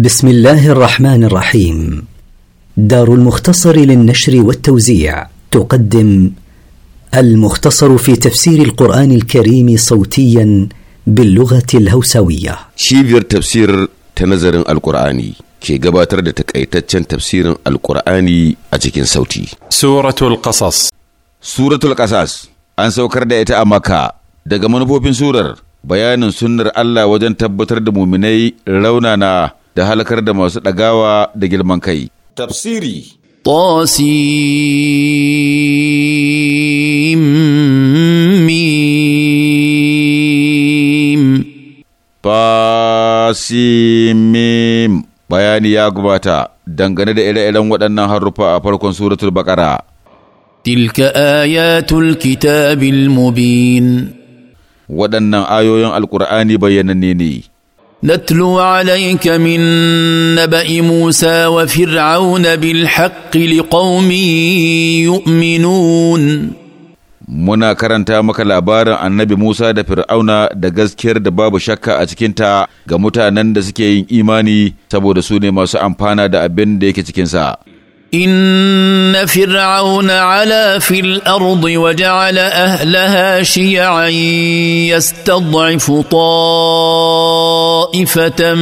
بسم الله الرحمن الرحيم دار المختصر للنشر والتوزيع تقدم المختصر في تفسير القرآن الكريم صوتيا باللغة الهوسوية شيفير تفسير تنظر القرآن كي قباتر تفسير القرآن أجيكين صوتي سورة القصص سورة القصص أنسو سوكر دائتا أماكا دقمون بوبين سورر بيان سنر الله وجن تبتر دمو مني لونانا da halakar da masu ɗagawa da girman kai. Tafsiri Tosimim Fasimim Bayani ya gubata, dangane da ire-iren waɗannan haruffa a farkon suratul baƙara. Tilka ayatul kitabil mubin Waɗannan ayoyin Alƙur'ani bayyananne ne. نتلو عليك من نبا موسى وفرعون بالحق لقوم يؤمنون muna karanta maka labarin annabi Musa da Fir'auna da gaskiyar da babu shakka a cikinta ga mutanen da suke yin imani saboda su ne masu amfana da abin da yake cikinsa. ان فرعون علا في الارض وجعل اهلها شيعا يستضعف طائفه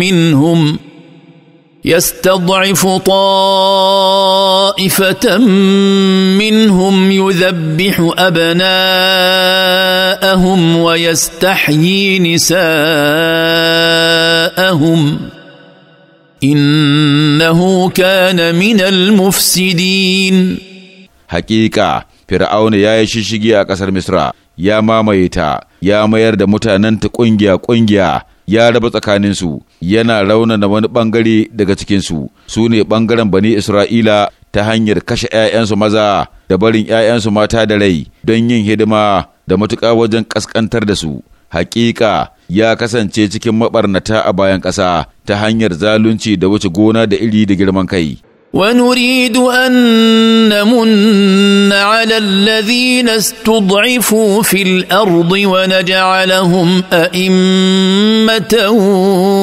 منهم يستضعف طائفه منهم يذبح ابناءهم ويستحيي نساءهم إنه كان من المفسدين ya yi shishigi a ƙasar misra ya mamaye ta ya mayar da mutanenta ƙungiya-ƙungiya ya raba tsakaninsu yana raunana wani ɓangare daga cikinsu su ne ɓangaren bani isra'ila ta hanyar kashe 'ya'yansu maza da barin 'ya'yansu mata da rai don yin hidima da matuƙa wajen ƙasƙantar da su hakika ya kasance cikin maɓarnata a bayan ƙasa ta hanyar zalunci da wuce gona da iri da girman kai. ونريد أن نمن على الذين استضعفوا في الأرض ونجعلهم أئمة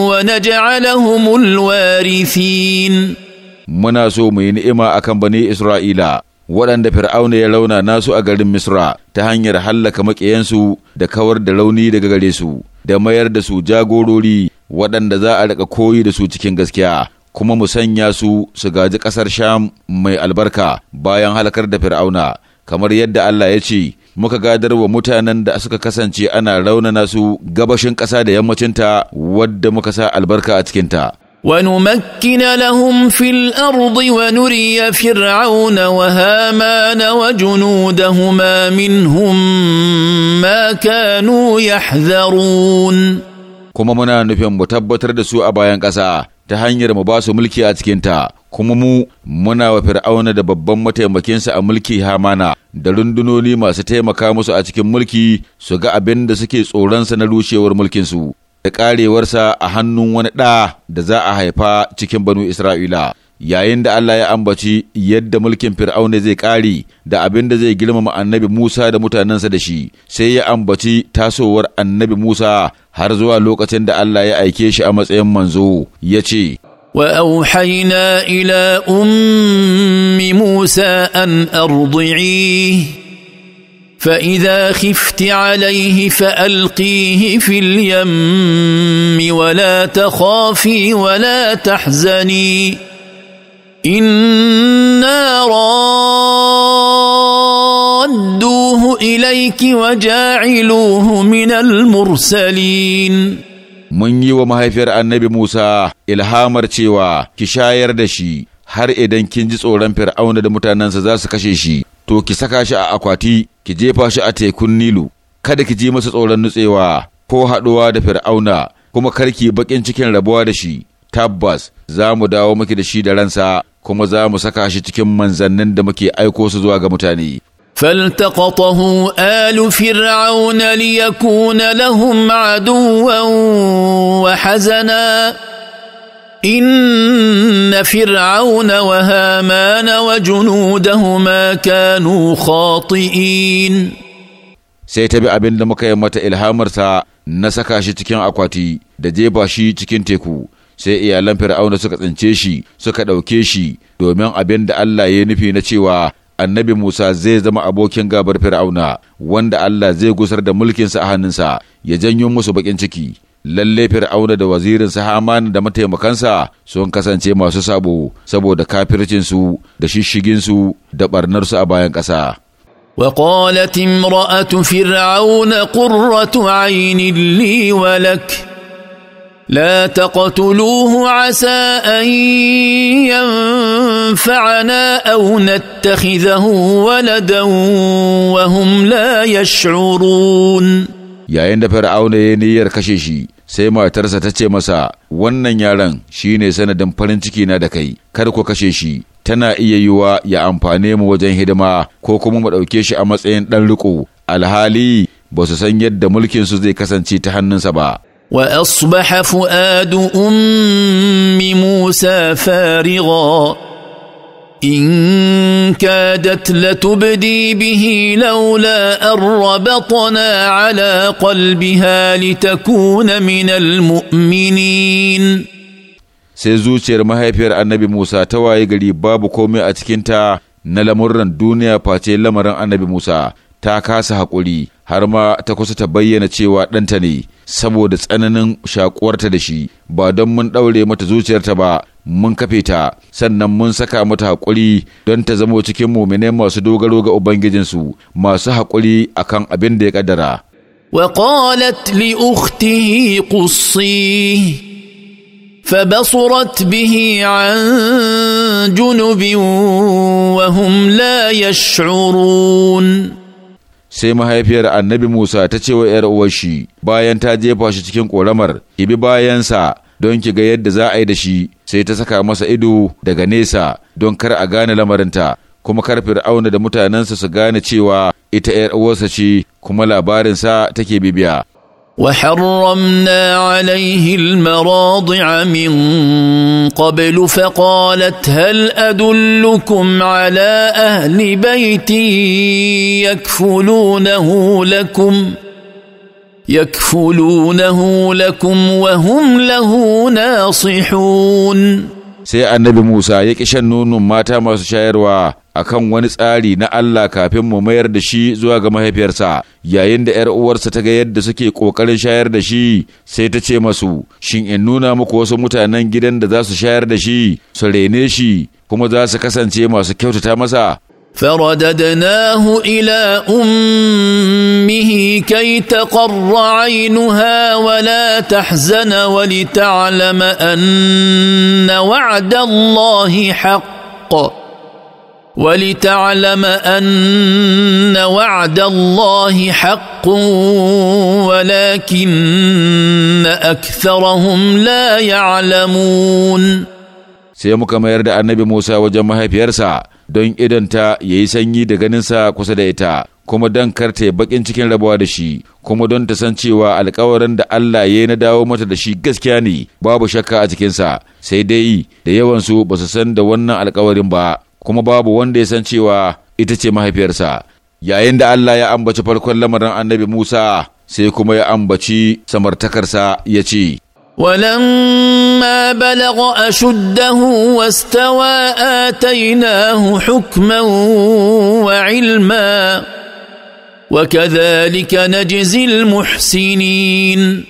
ونجعلهم الوارثين muna so mu yi ni'ima akan bani Isra'ila waɗanda Fir'auna ya rauna nasu a garin Misra ta hanyar hallaka maƙiyansu da kawar da rauni daga gare su. da mayar da su jagorori waɗanda za a riƙa koyi da su cikin gaskiya kuma mu sanya su su gaji ƙasar sham mai albarka bayan halakar da fir'auna kamar yadda Allah ya ce muka gadar wa mutanen da suka kasance ana raunana su gabashin ƙasa da yammacinta wadda muka sa albarka a cikinta. ونمكن لهم في الارض ونري فرعون وهامان وجنودهما منهم ما كانوا يحذرون kuma muna nufin mu tabbatar da su a bayan ƙasa ta hanyar mu ba su mulki a cikinta kuma mu muna wa fir'auna da babban mataimakinsa a mulki hamana da rundunoni masu taimaka musu a cikin mulki su ga abin da suke tsoronsa na rushewar mulkinsu da ƙarewarsa a hannun wani ɗa da za a haifa cikin banu Isra'ila. Yayin da Allah ya ambaci yadda mulkin Fir'auna zai ƙare da abin da zai girmama annabi Musa da mutanensa da shi, sai ya ambaci tasowar annabi Musa har zuwa lokacin da Allah ya aike shi a matsayin manzo, ya ce, وأوحينا إلى أم موسى أن أرضعيه فاذا خفت عليه فالقيه في اليم ولا تخافي ولا تحزني انا رادوه اليك وجاعلوه من المرسلين mun yi wa mahaifiyar annabi Musa ilhamar cewa ki shayar da shi har idan kin ji tsoron Fir'auna da mutanensa za su kashe shi to ki saka shi a akwati ki jefa shi a tekun Nilu, kada ki ji masa tsoron nutsewa ko haɗuwa da Fir'auna kuma kar karki baƙin cikin rabuwa da shi, tabbas za mu dawo miki da shi da ransa kuma za mu saka shi cikin manzannin da muke aiko su zuwa ga mutane. فالتقطه آل فرعون ليكون لهم عدوا وحزنا ان فرعون وهامان وجنودهما كانوا خاطئين sai ta bi abin da muka yi mata ilhamarsa na saka shi cikin akwati da jefa shi cikin teku sai iyalan fir'auna suka tsince shi suka ɗauke shi domin abin da Allah ya nufi na cewa annabi Musa zai zama abokin gabar fir'auna wanda Allah zai gusar da mulkinsa a hannunsa ya janyo musu baƙin ciki lalle fir'auna da sa haman da mataimakansa sun kasance masu sabo saboda kafircinsu da shishiginsu da ɓarnarsu a bayan ƙasa وقالت امرأة فرعون قرة عين لي ولك لا تقتلوه عسى أن ينفعنا أو نتخذه ولدا وهم لا يشعرون yayin da fir'auna ya niyyar kashe shi sai matarsa ta ce masa wannan yaron ne sanadin farin ciki na da kai kar ku kashe shi tana iya yiwa ya amfane mu wajen hidima ko kuma mu ɗauke shi a matsayin ɗan riko alhali ba su san yadda mulkin su zai kasance ta hannunsa ba. wa وأصبح فؤاد ummi musa فارغا ان كادت لتبدي به لولا ان ربطنا على قلبها لتكون من المؤمنين sai zuciyar mahaifiyar annabi Musa ta waye gari babu komai a cikinta na lamurran duniya face lamarin annabi Musa ta kasa haƙuri har ma ta kusa ta bayyana cewa ɗanta ne saboda tsananin shakuwarta da shi ba don mun ɗaure mata zuciyarta ba mun kafe ta sannan mun saka mata haƙuri don ta zamo cikin muminai masu dogaro ga ubangijinsu masu haƙuri akan abin da ya ƙaddara. وقالت لأخته قصيه فبصرت به عن جنب وهم لا يشعرون sai mahaifiyar annabi Musa ta ce wa ‘yar uwarshi bayan ta jefa shi cikin ƙoramar, ki bi bayansa don ki ga yadda za a yi da shi, sai ta saka masa ido daga nesa don kar a gane lamarinta, kuma kar Fir'auna da mutanensa su gane cewa ita ‘yar uwarsa ce kuma labarinsa take bibiya. وحرمنا عليه المراضع من قبل فقالت هل ادلكم على اهل بيت يكفلونه لكم يكفلونه لكم وهم له ناصحون sai النبي موسى يكشنون ماتا ما nonon a kan wani tsari na Allah kafin mu mayar da shi zuwa ga mahaifiyarsa yayin da ‘yar uwarsa ta ga yadda suke ƙoƙarin shayar da shi sai ta ce masu shin in nuna muku wasu mutanen gidan da za su shayar da shi su rene shi kuma za su kasance masu kyautata masa فرددناه الى امه كي تقر عينها ولا تحزن ولتعلم ان وعد الله حق ولتعلم ان وعد الله حق ولكن اكثرهم لا يعلمون sai muka mayar da annabi Musa wajen mahaifiyarsa don idanta ya yi sanyi da ganinsa kusa da ita, kuma don karta ya bakin cikin rabuwa da shi, kuma don ta san cewa alkawarin da Allah ya yi na dawo mata da shi gaskiya ne babu shakka a cikinsa, sai dai da yawansu ba su san da wannan alkawarin ba. kuma babu wanda ya san cewa ita ce mahaifiyarsa yayin da Allah ya ambaci farkon lamarin annabi Musa sai kuma ya ambaci samartakarsa ya ce ولما بلغ أشده واستوى آتيناه حكما وعلما na نجزي المحسنين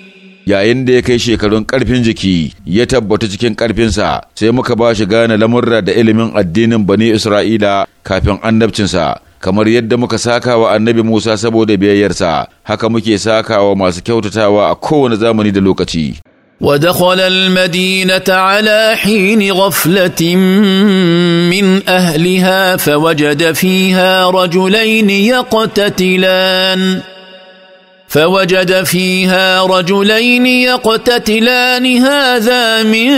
yayin da ya kai shekarun karfin jiki ya tabbata cikin karfinsa sai muka ba shi gane lamurra da ilimin addinin bani Isra'ila kafin annabcinsa kamar yadda muka saka wa annabi Musa saboda biyayyarsa haka muke saka wa masu kyautatawa a kowane zamani da lokaci ودخل المدينة على حين غفلة من أهلها فوجد فيها رجلين يقتتلان فوجد فيها رجلين يقتتلان هذا من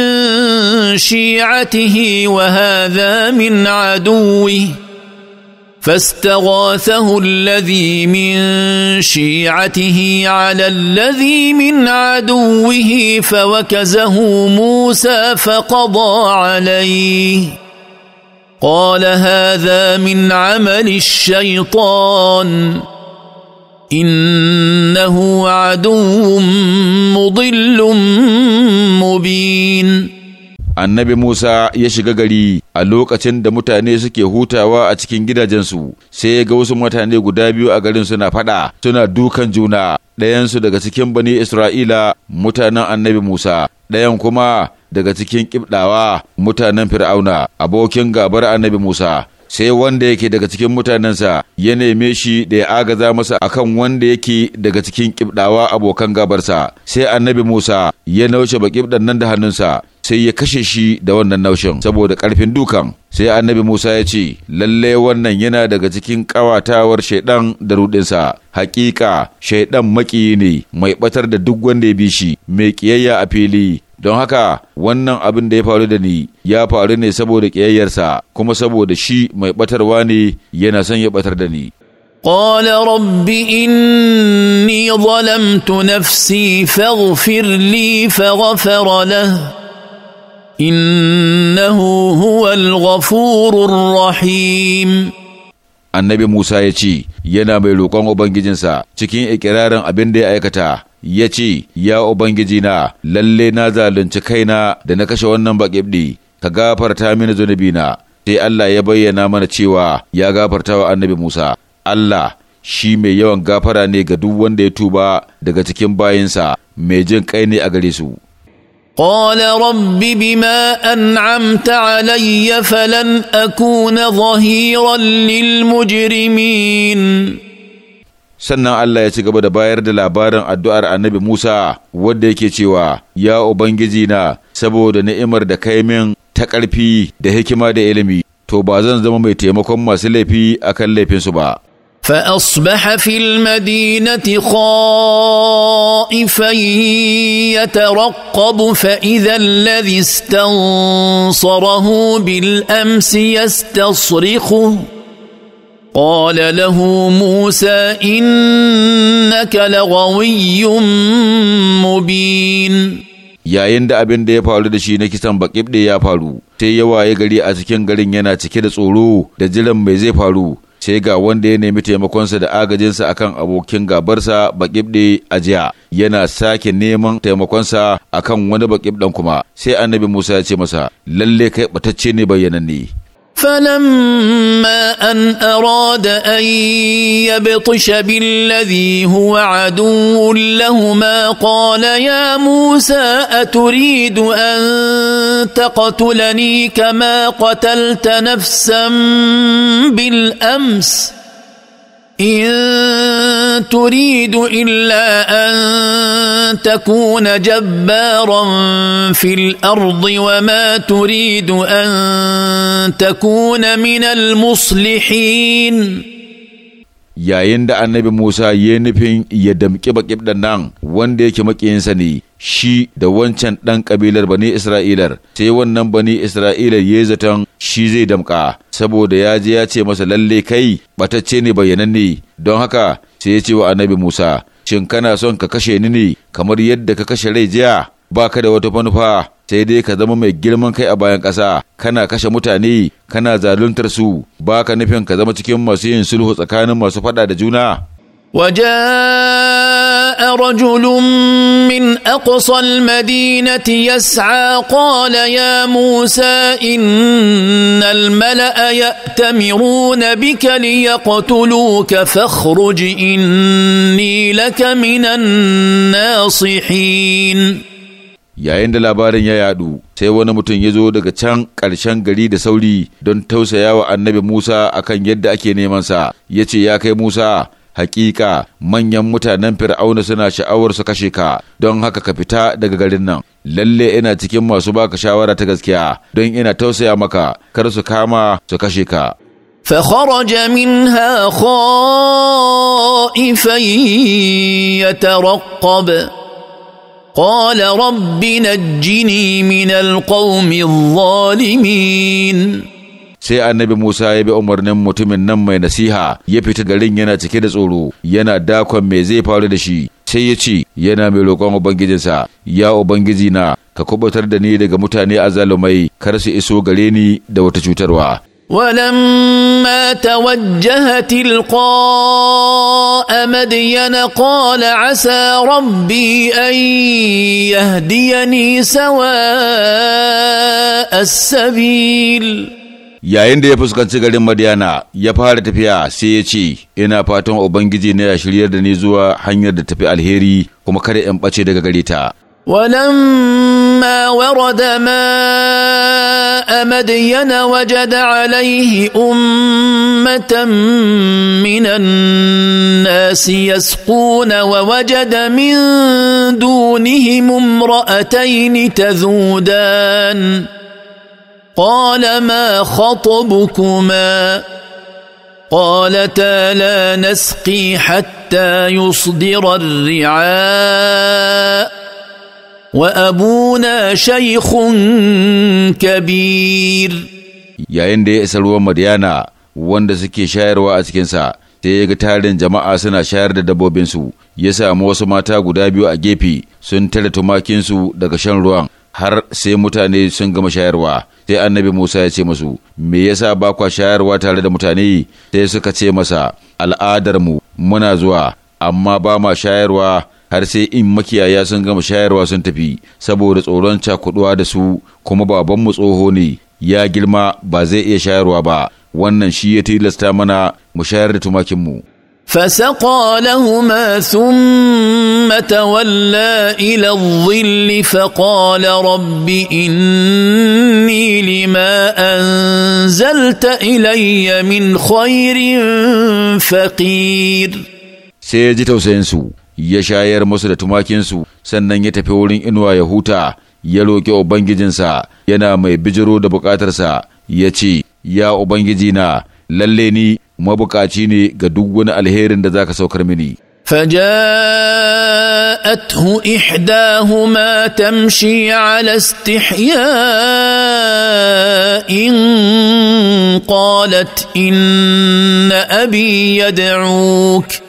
شيعته وهذا من عدوه فاستغاثه الذي من شيعته على الذي من عدوه فوكزه موسى فقضى عليه قال هذا من عمل الشيطان إن مضل annabi Musa ya shiga gari a lokacin da mutane suke hutawa a cikin gidajensu sai ya ga wasu mutane guda biyu a garin suna fada suna dukan juna ɗayansu daga cikin bani Isra'ila mutanen annabi Musa ɗayan kuma daga cikin ƙibɗawa mutanen Fir'auna abokin gabar annabi Musa sai wanda yake daga cikin mutanensa ya neme shi da ya agaza masa akan wanda yake daga cikin kibdawa abokan gabarsa sai annabi Musa ya naushe ba kibdan nan da hannunsa sai ya kashe shi da wannan naushin saboda karfin dukan sai annabi Musa ya ce lalle wannan yana daga cikin kawatawar shaidan da rudinsa hakika shaidan maki ne mai batar da duk wanda ya bi shi mai kiyayya a fili don haka wannan abin da ya faru da ni ya faru ne saboda ƙiyayyarsa kuma saboda shi mai ɓatarwa ne yana son ya ɓatar da ni. قال رب إني ظلمت نفسي فاغفر لي فغفر له إنه هو الغفور الرحيم annabi Musa ya ce yana mai roƙon Ubangijinsa cikin iƙirarin abin da ya aikata ya ce, Ya Ubangiji na, lalle na zalunci kaina da na kashe wannan baƙibɗi, ka gafarta mini na. sai Allah ya bayyana mana cewa ya gafarta wa annabi Musa. Allah shi mai yawan gafara ne ga duk wanda ya tuba daga cikin bayinsa mai jin kai ne a gare su. قال رب بما أنعمت علي فلن أكون ظهيرا للمجرمين sannan Allah ya ci gaba da bayar da labarin addu'ar annabi Musa wadda yake cewa, “Ya Ubangiji na, saboda ni'imar da kai min ta ƙarfi da hikima da ilimi, to ba zan zama mai taimakon masu laifi a kan laifinsu ba. فأصبح في المدينة خائفا يترقب فإذا الذي استنصره بالأمس يستصرخه قال له موسى إنك لغوي مبين yayin da abin da ya faru da shi na kisan bakib da ya faru sai ya waye gari a cikin garin yana cike da tsoro da jiran mai zai faru sai ga wanda ya nemi taimakonsa da agajinsa akan abokin gabarsa bakibde a jiya yana sake neman taimakonsa akan wani bakibdan kuma sai annabi Musa ya ce masa lalle kai batacce ne bayyananne فلما ان اراد ان يبطش بالذي هو عدو لهما قال يا موسى اتريد ان تقتلني كما قتلت نفسا بالامس ان تريد الا ان تكون جبارا في الارض وما تريد ان تكون من المصلحين yayin da annabi Musa ya nufin ya damƙi baƙib ɗan nan wanda yake maƙiyinsa ne shi da wancan ɗan ƙabilar bani Isra'ilar sai wannan bani Isra'ilar ya zaton shi zai damƙa saboda ya je ya ce masa lalle kai ɓatacce ne bayanan ne don haka sai ya ce wa annabi Musa shin kana son ka kashe ni ne kamar yadda ka kashe rai jiya baka da wata manufa sai dai ka zama mai girman kai a bayan ƙasa kana kashe mutane kana zaluntar su baka nufin ka zama cikin masu yin sulhu tsakanin masu faɗa da juna وجاء رجل من اقصى المدينه يسعى قال يا موسى ان الملا ياتمرون بك ليقتلوك فاخرج اني لك من الناصحين yayin da labarin ya yadu sai wani mutum ya zo daga can ƙarshen gari da sauri don tausaya wa annabi Musa akan yadda ake neman sa ya ce ya kai Musa hakika manyan mutanen fir'auna suna sha'awar su kashe ka don haka ka fita daga garin nan lalle ina cikin masu baka shawara ta gaskiya don ina tausaya maka kar su kama su kashe ka فخرج منها خائفا يترقب قال رب نجني من القوم الظالمين sai annabi Musa ya bi umarnin mutumin nan mai nasiha ya fita garin yana cike da tsoro yana dakon me zai faru da shi sai ya ce yana mai roƙon ubangijinsa ya ubangiji na ka kubutar da ni daga mutane azalumai kar su iso gare ni da wata cutarwa walam لما توجه تلقاء مدين قال عسى ربي ان يهديني سواء السبيل yayin da ya fuskanci garin Madiyana ya fara tafiya sai ya ce, Ina fatan Ubangiji na ya shiryar da ni zuwa hanyar da tafi alheri kuma kada in ɓace daga gare ta. فلما ورد ماء مدين وجد عليه امه من الناس يسقون ووجد من دونهم امراتين تذودان قال ما خطبكما قالتا لا نسقي حتى يصدر الرعاء وأبونا شيخ كبير yayin da ya isa ruwan wanda suke shayarwa a cikinsa sai ya ga tarin jama'a suna shayar da dabbobinsu ya samu wasu mata guda biyu a gefe sun tare tumakinsu daga shan ruwan har sai mutane sun gama shayarwa sai annabi Musa ya ce musu me yasa ba kwa shayarwa tare da mutane sai suka ce masa al'adarmu muna zuwa amma ba ma shayarwa har sai in makiyaya sun gama shayarwa sun tafi saboda tsoron cakuduwa da su kuma babanmu tsoho ne ya girma ba zai iya shayarwa ba wannan shi ya tilasta mana mu shayar da tumakinmu فسقى لهما ثم تولى الى الظل فقال رب اني لما Anzalta الي من خير فقير sai ya ji tausayinsu ya shayar musu da tumakinsu sannan ya tafi wurin inuwa ya huta ya roƙi ubangijinsa yana mai bijiro da buƙatarsa ya ce ya ubangijina lalle ni mabuƙaci ne ga duk wani alherin da zaka saukar mini فجاءته احداهما تمشي على استحياء قالت ya ابي يدعوك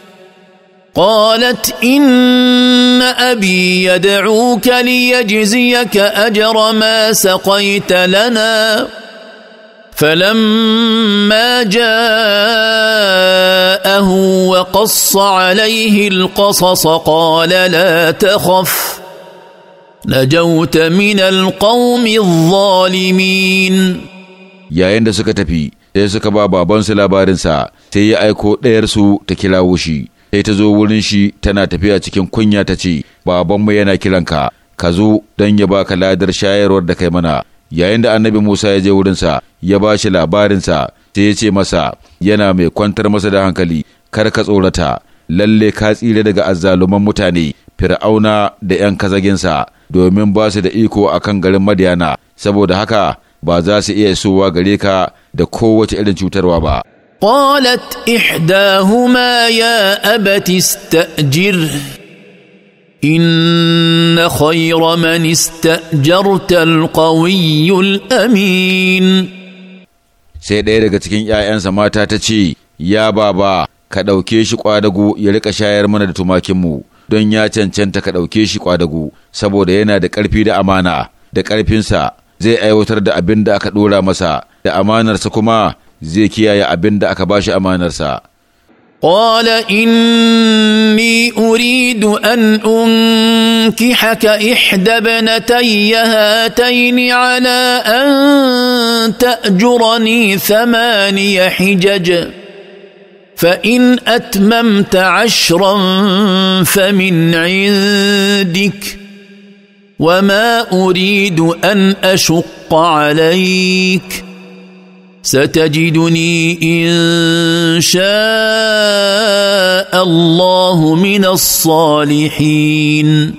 قالت ان ابي يدعوك ليجزيك اجر ما سقيت لنا فلما جاءه وقص عليه القصص قال لا تخف نجوت من القوم الظالمين يا da سكتبي tafi sai suka بارنسا babansu أيكو إرسو ya aiko sai ta zo wurin shi tana tafiya cikin kunya ta ce babanmu yana kiranka ka zo don ya baka ladar shayarwar da kai mana yayin da annabi Musa ya je wurinsa ya ba shi labarinsa sai ya ce masa yana mai kwantar masa da hankali kar ka tsorata lalle ka tsira daga azzaluman mutane fir'auna da 'yan kazaginsa domin ba su da iko a kan garin madiyana saboda haka ba za su iya isowa gare ka da kowace irin cutarwa ba قالت احداهما يا ابت استاجره ان خير من استاجرت القوي الامين sai ɗaya daga cikin ‘ya'yansa mata ta ce, Ya baba, ka ɗauke shi ƙwadago ya riƙa shayar mana da tumakinmu, don ya cancanta ka ɗauke shi ƙwadago, saboda yana da ƙarfi da amana, da ƙarfinsa zai aiwatar da abin da aka ɗora masa, da amanarsa kuma zai kiyaye abin da aka bashi amanarsa. قال إني أريد أن أنكحك إحدى بنتي هاتين على أن تأجرني ثماني حجج فإن أتممت عشرا فمن عندك وما أريد أن أشق عليك ۖ ستجدني ان شاء الله من الصالحين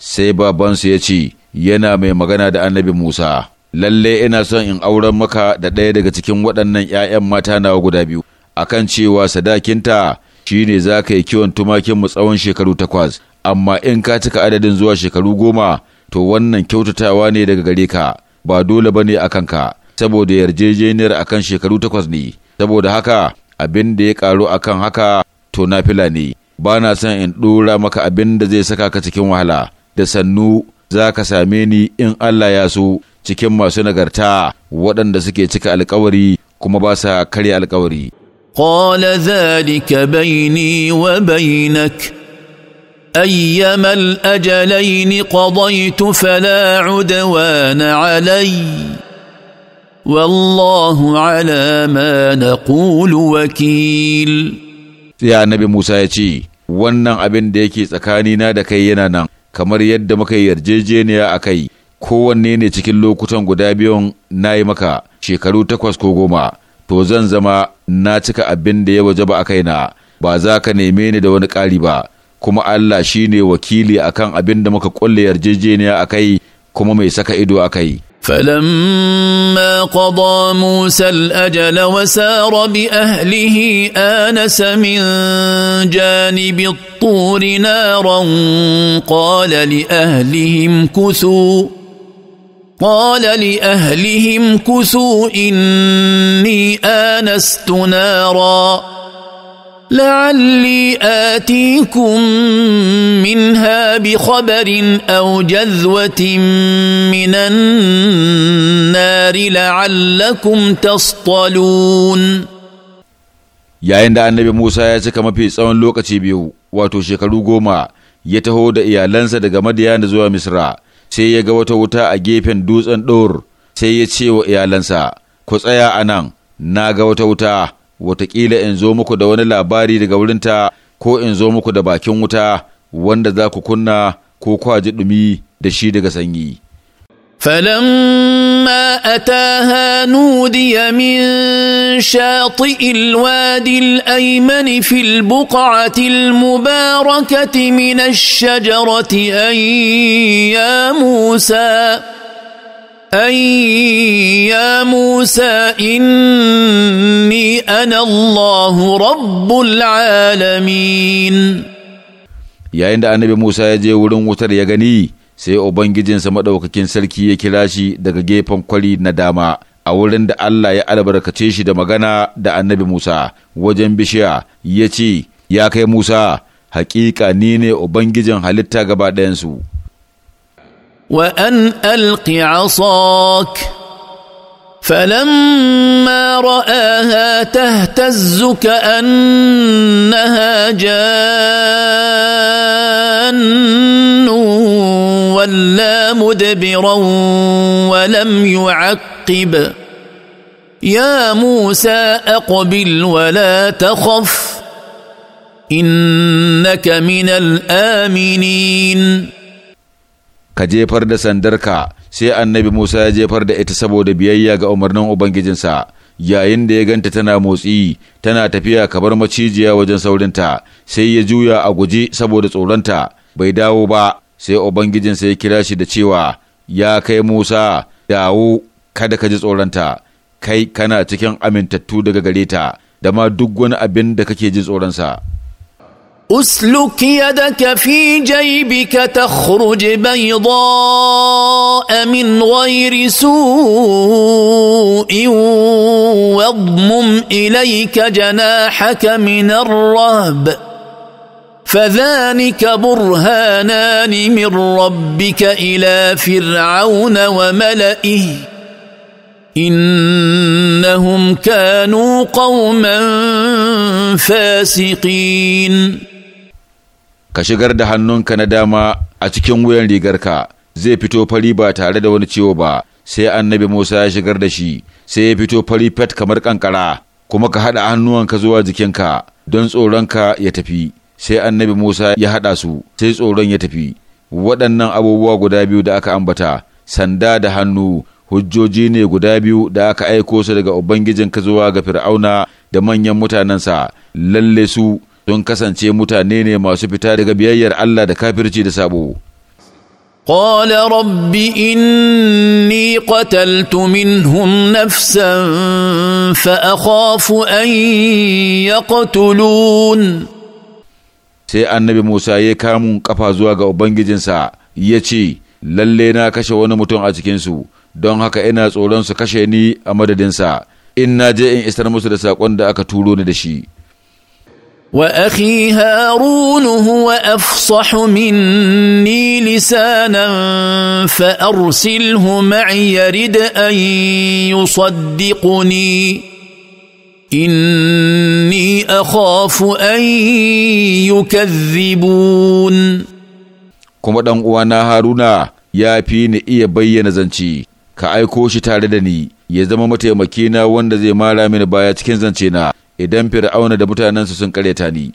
sai babansu ya ce yana mai magana da annabi Musa lalle ina son in auren maka da ɗaya daga cikin waɗannan ‘ya'yan mata nawa guda biyu akan cewa sadakinta shine za ka yi kiwon tumakin mu tsawon shekaru takwas amma in ka cika adadin zuwa shekaru goma to wannan kyautatawa ne daga gare ka ba dole ba ne a kanka saboda yarjejeniyar akan shekaru takwas ne saboda haka abin da ya karu akan haka to na fila ne ba na son in ɗora maka abin da zai saka ka cikin wahala da sannu za ka same ni in Allah ya so cikin masu nagarta waɗanda suke cika alkawari kuma ba sa karya alkawari. قال ذلك بيني وبينك ايما الاجلين قضيت فلا عدوان عليّ والله على ما نقول وكيل sai annabi Musa ya ce wannan abin da yake tsakanina da kai yana nan kamar yadda muka yi yarjejeniya a kai kowanne ne cikin lokutan guda biyun na yi maka shekaru takwas ko goma to zan zama na cika abin da ya waje ba a kaina ba za ka neme ni da wani ƙari ba kuma Allah shi ne wakili akan abin da muka ƙulle yarjejeniya a kai kuma mai saka ido a kai فلما قضى موسى الاجل وسار باهله انس من جانب الطور نارا قال لاهلهم كثوا قال لاهلهم كثوا اني انست نارا لعلي اتيكم منها بخبر او جذوه من النار لعلكم تصطلون yayin da annabi Musa ya cika mafi tsawon lokaci biyu wato shekaru goma ya taho da iyalansa daga Madiyana zuwa Misra sai ya ga wata wuta a gefen dutsen Dor sai ya ce wa iyalansa ku tsaya a nan na ga wata wuta wataƙila in zo muku da wani labari daga wurinta ko in zo muku da bakin wuta wanda za ku kunna ko kwaji ɗumi da shi daga sanyi. فلما أتاها نودي من شاطئ الواد الأيمن في البقعة المباركة من الشجرة أي يا موسى Aiya Musa موسى إني أنا الله رب yayin da annabi Musa ya je wurin wutar ya gani sai Ubangijinsa maɗaukakin sarki ya kira shi daga gefen kwari na dama a wurin da Allah ya albarkace shi da magana da annabi Musa wajen bishiya ya ce, Ya kai Musa, Haƙiƙa ni ne Ubangijin halitta gaba ɗayansu. وان الق عصاك فلما راها تهتز كانها جان ولا مدبرا ولم يعقب يا موسى اقبل ولا تخف انك من الامنين ka jefar da sandarka sai annabi Musa ya jefar da ita saboda biyayya ga umarnin Ubangijinsa yayin da ya ganta tana motsi tana tafiya kamar macijiya wajen saurinta sai ya juya a guji saboda tsoronta bai dawo ba sai Ubangijinsa ya kira shi da cewa ya kai Musa dawo kada ka ji tsoronta kai kana cikin amintattu daga gare ta da duk wani abin da kake ji tsoronsa. اسلك يدك في جيبك تخرج بيضاء من غير سوء واضمم اليك جناحك من الرهب فذلك برهانان من ربك الى فرعون وملئه انهم كانوا قوما فاسقين ka shigar da hannunka na dama a cikin wuyan rigarka zai fito fari ba tare da wani ciwo ba sai annabi Musa ya shigar da shi sai ya fito fari fet kamar kankara kuma ka haɗa hannuwanka zuwa jikinka don tsoronka ya tafi sai annabi Musa ya haɗa su sai tsoron ya tafi waɗannan abubuwa guda biyu da aka ambata sanda da hannu hujjoji ne guda biyu da aka aiko su daga Ubangijinka zuwa ga Fir'auna da manyan mutanensa, lalle su sun kasance mutane ne masu fita daga biyayyar Allah da kafirci da sabo. قال رب إني قتلت منهم نفسا an أن يقتلون sai annabi Musa ya kamu kafa zuwa ga Ubangijinsa ya ce, Lalle na kashe wani mutum a cikinsu, don haka ina tsoron su kashe ni a madadinsa, in na je in isar musu da saƙon da aka turo ni da shi. واخي هارون هو افصح مني لسانا فارسله معي يرد ان يصدقني اني اخاف ان يكذبون kuma ɗan uwana haruna ya fi ni iya bayyana zance ka aiko shi tare da ni ya zama mataimaki na wanda zai mara mini baya cikin zance na idan fir'auna da mutanensa sun kareta ni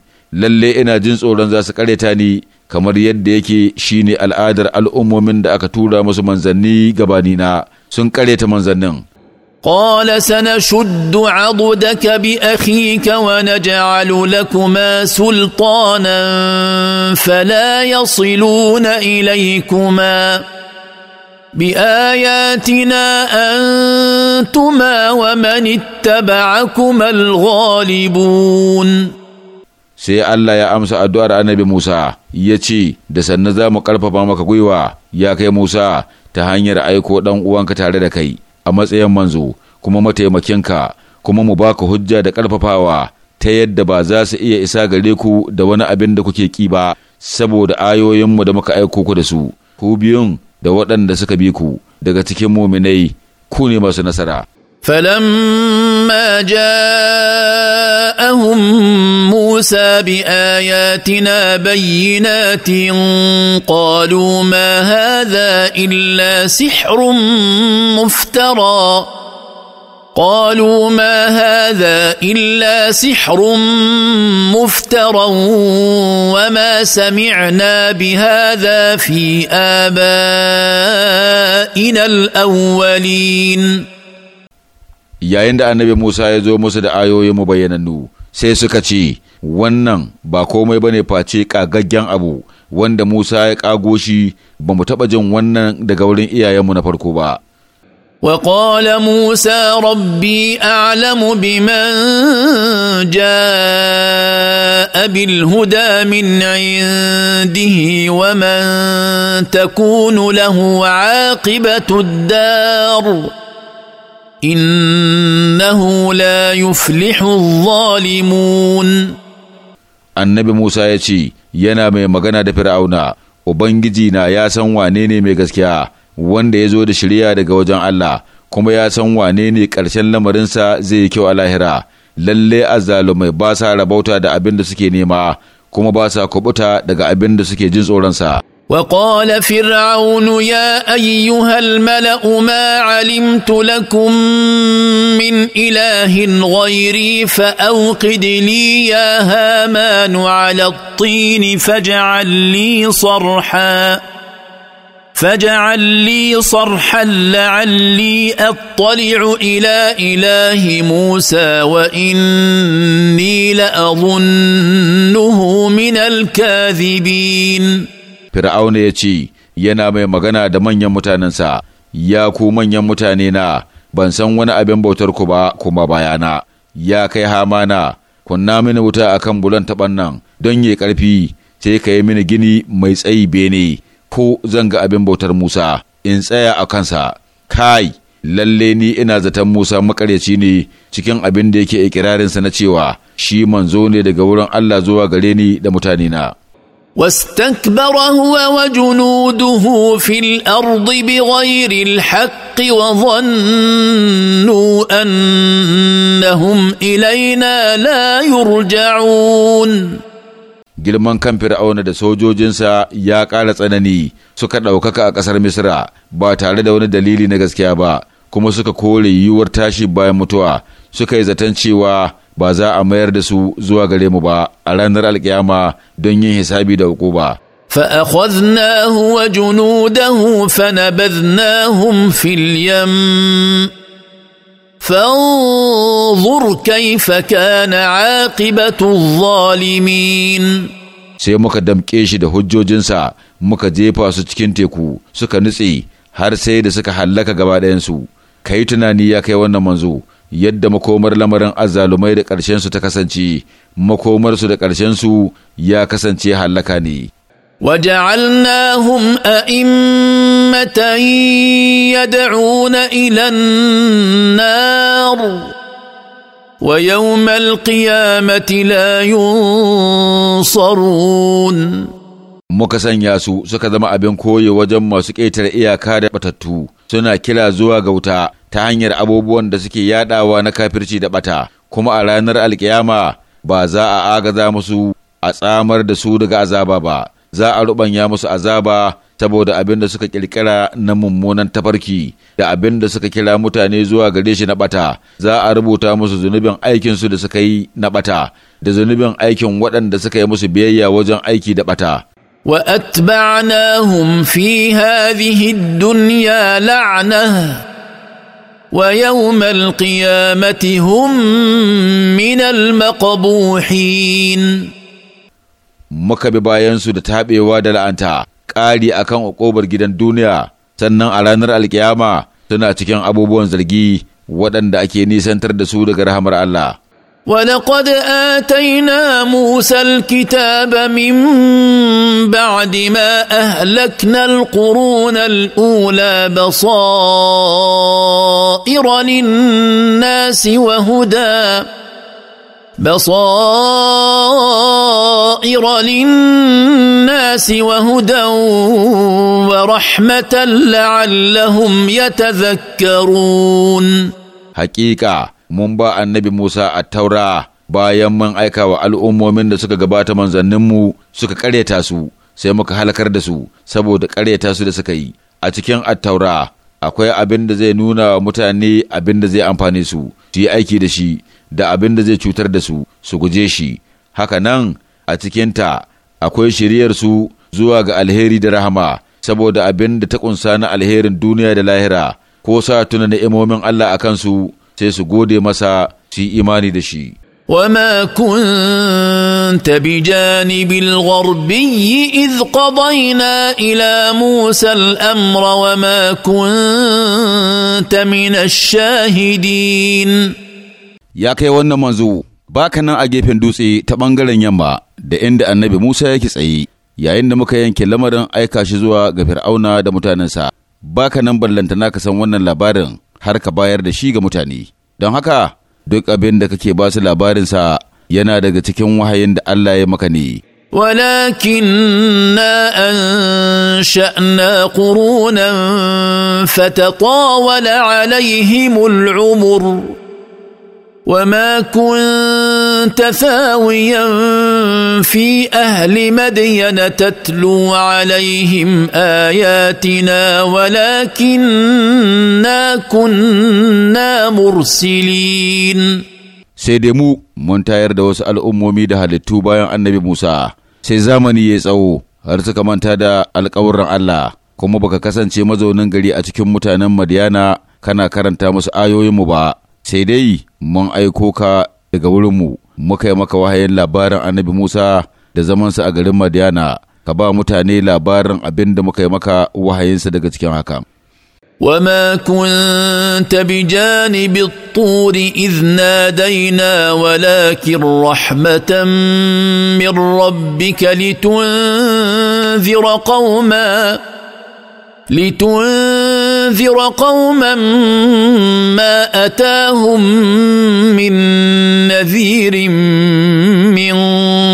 lalle ina jin tsoron za su kareta ni kamar yadda yake shine al'adar al'ummomin da aka tura musu manzanni gabanina sun karyata manzannin قال سنشد عضدك باخيك ونجعل لكما سلطانا فلا يصلون اليكما باياتنا انتما ومن اتبعكما الغالبون sai Allah ya amsa addu'ar annabi Musa ya ce, Da sannan za mu ƙarfafa maka gwiwa, ya kai Musa, ta hanyar aiko ɗan uwanka tare da kai, a matsayin manzo, kuma mataimakinka, kuma mu baka hujja da ƙarfafawa ta yadda ba za su iya isa gare ku da wani abin da kuke ƙi ba, saboda ayoyinmu da muka aiko ku da su, ku biyun da waɗanda suka bi ku daga cikin muminai ku ne masu nasara. Falamma Musa bi ayatina bayyinatin qalu ma hadha illa sihrun muftara. قالوا ما هذا الا سحر مفترى وما سمعنا بهذا في ابائنا الاولين yayin da annabi Musa ya zo musu da ayoyin mu sai suka ce wannan ba komai ne face ƙagaggen abu wanda Musa ya ƙago shi ba mu taɓa jin wannan daga wurin iyayenmu na farko ba وقال موسى ربي اعلم بمن جاء بالهدى من عنده ومن تكون له عاقبه الدار انه لا يفلح الظالمون النبي موسى يجي ينا مي magana da fir'auna ubangiji na ya san wanda ya zo da shirya daga wajen Allah kuma ya san wane ne ƙarshen lamarinsa zai yi kyau a lahira lalle azzalumai ba sa rabauta da abin da suke nema kuma ba sa kubuta daga abin da suke jin tsoronsa وقال فرعون يا ايها الملا ما علمت لكم من اله غيري فاوقد لي يا هامان على الطين فاجعل لي صرحا فاجعل لي صرحا لعلي اطلع الى اله موسى واني لاظنه من الكاذبين فرعون ya ce yana mai magana da manyan mutanensa ya ko manyan mutane na ban san wani abin bautar ku ba kuma bayana ya kai hamana kunna mini wuta akan bulan taɓan nan don yi ƙarfi sai ka yi mini gini mai tsayi bene ko zan ga abin bautar Musa in tsaya a kansa kai lalle ni ina zaton Musa makaryaci ne cikin abin da yake ikirarinsa na cewa shi manzo ne daga wurin Allah zuwa gare ni da mutanena. واستكبر هو وجنوده في الارض بغير الحق وظنوا انهم الينا لا يرجعون girman kan fir'auna da sojojinsa ya ƙara tsanani suka ɗaukaka a ƙasar misra ba tare da wani dalili na gaskiya ba kuma suka kore yiwuwar tashi bayan mutuwa suka yi zaton cewa ba za a mayar da su zuwa gare mu ba a ranar alkiyama don yin hisabi da hukuma. فأخذناه وجنوده فنبذناهم في اليم فانظر كيف كان عاقبة الظالمين sai muka damƙe shi da hujjojinsa muka jefa su cikin teku suka nutse har sai da suka hallaka gaba ɗayansu ka yi tunani ya kai wannan manzo yadda makomar lamarin azzalumai da ƙarshensu ta kasance makomarsu da ƙarshensu ya kasance hallaka ne waja'alnahum a'im يدعون الى النار ويوم القيامه لا ينصرون muka sanya su suka zama abin koyi wajen masu ƙetare iyaka da batattu suna kira zuwa ga wuta ta hanyar abubuwan da suke yadawa na kafirci da bata kuma a ranar alkiyama ba za a agaza musu a tsamar da su daga azaba ba za a ruɓanya musu azaba saboda abin da suka kirkira na mummunan tafarki da abin da suka kira mutane zuwa gare shi na bata za a rubuta musu zunubin aikinsu da suka yi na bata da zunubin aikin waɗanda suka yi musu biyayya wajen aiki da bata واتبعناهم في هذه الدنيا لعنه ويوم القيامه هم من المقبوحين muka bi bayansu da taɓewa da la'anta ƙari a kan ƙobar gidan duniya sannan a ranar alkiyama suna cikin abubuwan zargi waɗanda ake nisantar da su daga rahamar Allah. ولقد آتينا موسى الكتاب من بعد ما أهلكنا القرون الأولى بصائر للناس وهدى بصائر للناس وهدى ورحمه لعلهم يتذكرون حقيقه mun ba annabi Musa a bayan mun aika wa al'ummomin da suka gabata manzanninmu suka ƙaryata su sai muka halakar da su saboda ƙaryata su da suka yi a cikin attaura akwai abin da zai nuna wa mutane abin da zai amfani su su yi aiki da shi da abin da zai cutar da su su guje shi haka nan a cikinta akwai shiryarsu zuwa ga alheri da rahama saboda abin da ta kunsa na alherin duniya da lahira ko sa tuna ni'imomin Allah a kansu sai su gode masa su yi imani da shi وما كنت بجانب الغربي اذ قضينا الى موسى الامر وما كنت من الشاهدين ya kai wannan manzo baka nan a gefen dutse ta bangaren yamma da inda annabi Musa yake tsaye yayin da muka yanke lamarin aika shi zuwa ga Fir'auna da mutanensa baka nan ballanta ka san wannan labarin har ka bayar da shi ga mutane don haka duk abin da kake ba su sa yana daga cikin wahayin da Allah ya maka ne ولكنا انشانا قرونا فتطاول عليهم العمر وما كنت ثاويا في اهل مدين تتلو عليهم اياتنا ولكننا كنا مرسلين sai dai mu mun tayar da wasu al'ummomi da halittu bayan annabi Musa, sai zamani ya tsawo har suka manta da alkawuran Allah, kuma baka kasance mazaunin gari a cikin mutanen Madiyana kana karanta masu ayoyinmu ba. sai dai mun aiko ka daga wurinmu muka yi maka wahayin labarin annabi Musa da zamansa a garin Madiyana ka ba mutane labarin abin da muka yi maka wahayinsa daga cikin haka. وما كنت بجانب الطور اذ نادينا ولكن رحمه من ربك لتنذر kauma. لتنذر قوما ما اتاهم من نذير من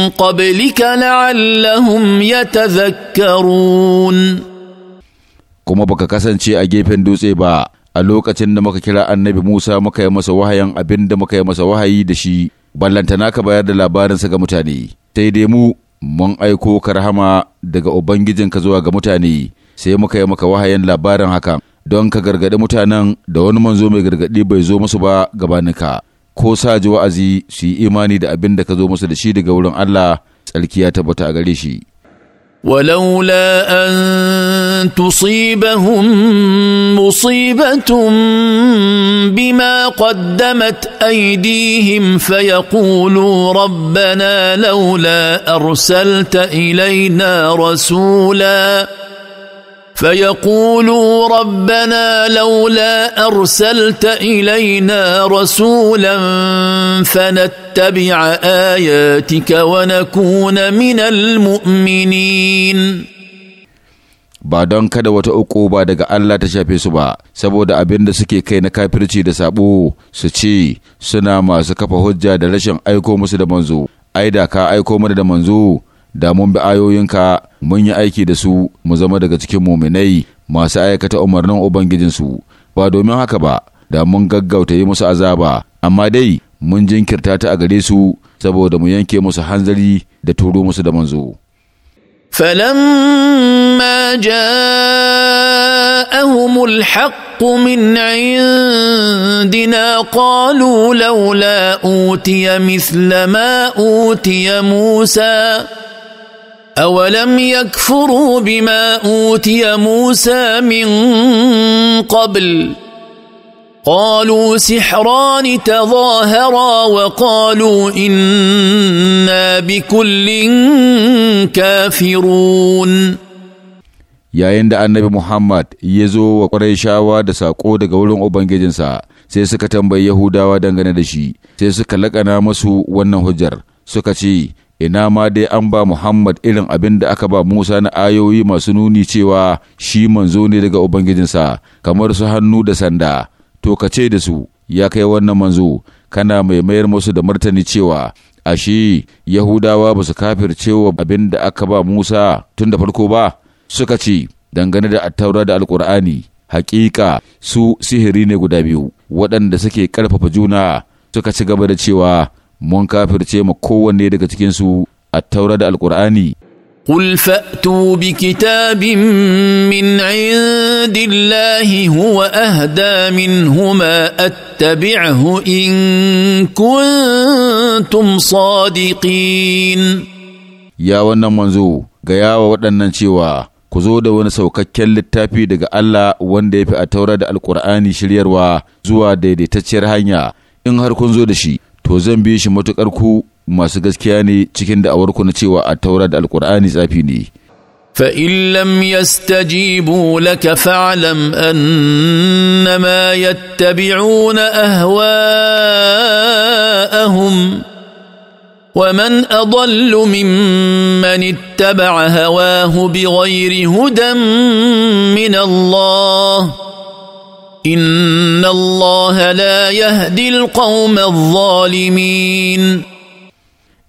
قبلك لعلهم يتذكرون kuma baka kasance a gefen dutse ba a lokacin da muka kira annabi Musa muka yi masa wahayin abin da muka yi masa wahayi da shi ballantana ka bayar da labarinsa ga mutane sai dai mu mun aiko ka rahama daga ubangijinka zuwa ga mutane sai muka yi maka wahayin labarin haka don ka gargaɗi mutanen da wani manzo mai gargaɗi bai zo musu ba gabaninka ko sa ji wa'azi su yi imani da abin da ka zo musu da shi daga wurin Allah tsarki ya tabbata a gare shi ولولا ان تصيبهم مصيبه بما قدمت ايديهم فيقولوا ربنا لولا ارسلت ilaina Rasula. فيقولوا ربنا لولا ارسلت الينا رسولا فنتبع اياتك ونكون من المؤمنين ba don kada wata uku ba daga Allah ta shafe su ba saboda abin da suke kai na kafirci da sabo su ce suna masu kafa hujja da rashin aiko musu da manzo ai da ka aiko mana da manzo da mun bi ayoyinka mun yi aiki da su mu zama daga cikin muminai masu aikata umarnin ubangijinsu ba domin haka ba da mun gaggauta yi musu azaba amma dai mun jinkirta ta a gare su saboda mu yanke musu hanzari da turo musu da manzo فلما جاءهم الحق من عندنا قالوا لولا اوتي مثل ما اوتي موسى أولم يكفروا musa min موسى من قبل قالوا سحران تظاهرا وقالوا إنا بكل كافرون yayin da annabi Muhammad ya zo wa ƙwarai shawa da saƙo daga wurin Ubangijinsa sai suka tambayi Yahudawa dangane da shi sai suka laƙana masu wannan hujjar suka ce ina ma dai an ba Muhammad irin abin da aka ba Musa na ayoyi masu nuni cewa shi manzo ne daga Ubangijinsa, kamar su hannu da sanda, to ka ce da su, ya kai wannan manzo, kana mai mayar musu da martani cewa, ashe Yahudawa ba su kafir cewa abin da aka ba Musa tun da farko ba, suka ce, dangane da attaura da alkur'ani hakika su sihiri ne guda biyu, waɗanda suke ƙarfafa juna suka ci gaba da cewa mun kafirce ma kowanne daga cikinsu a taura da alkur'ani قل فأتوا بكتاب من huwa, الله هو أهدى منهما أتبعه إن كنتم صادقين يا wannan manzo ga yawa waɗannan cewa ku zo da wani saukakken littafi daga Allah wanda ya fi a taura da Alƙur'ani shiryarwa zuwa daidaitacciyar hanya in har kun zo da shi to zan bi shi matuƙar ku masu gaskiya ne cikin da'awarku na cewa a taura da alƙur'ani zafi ne فان لم يستجيبوا لك فاعلم انما يتبعون اهواءهم ومن اضل ممن اتبع هواه بغير هدى من الله ان الله لا يهدي القوم الظالمين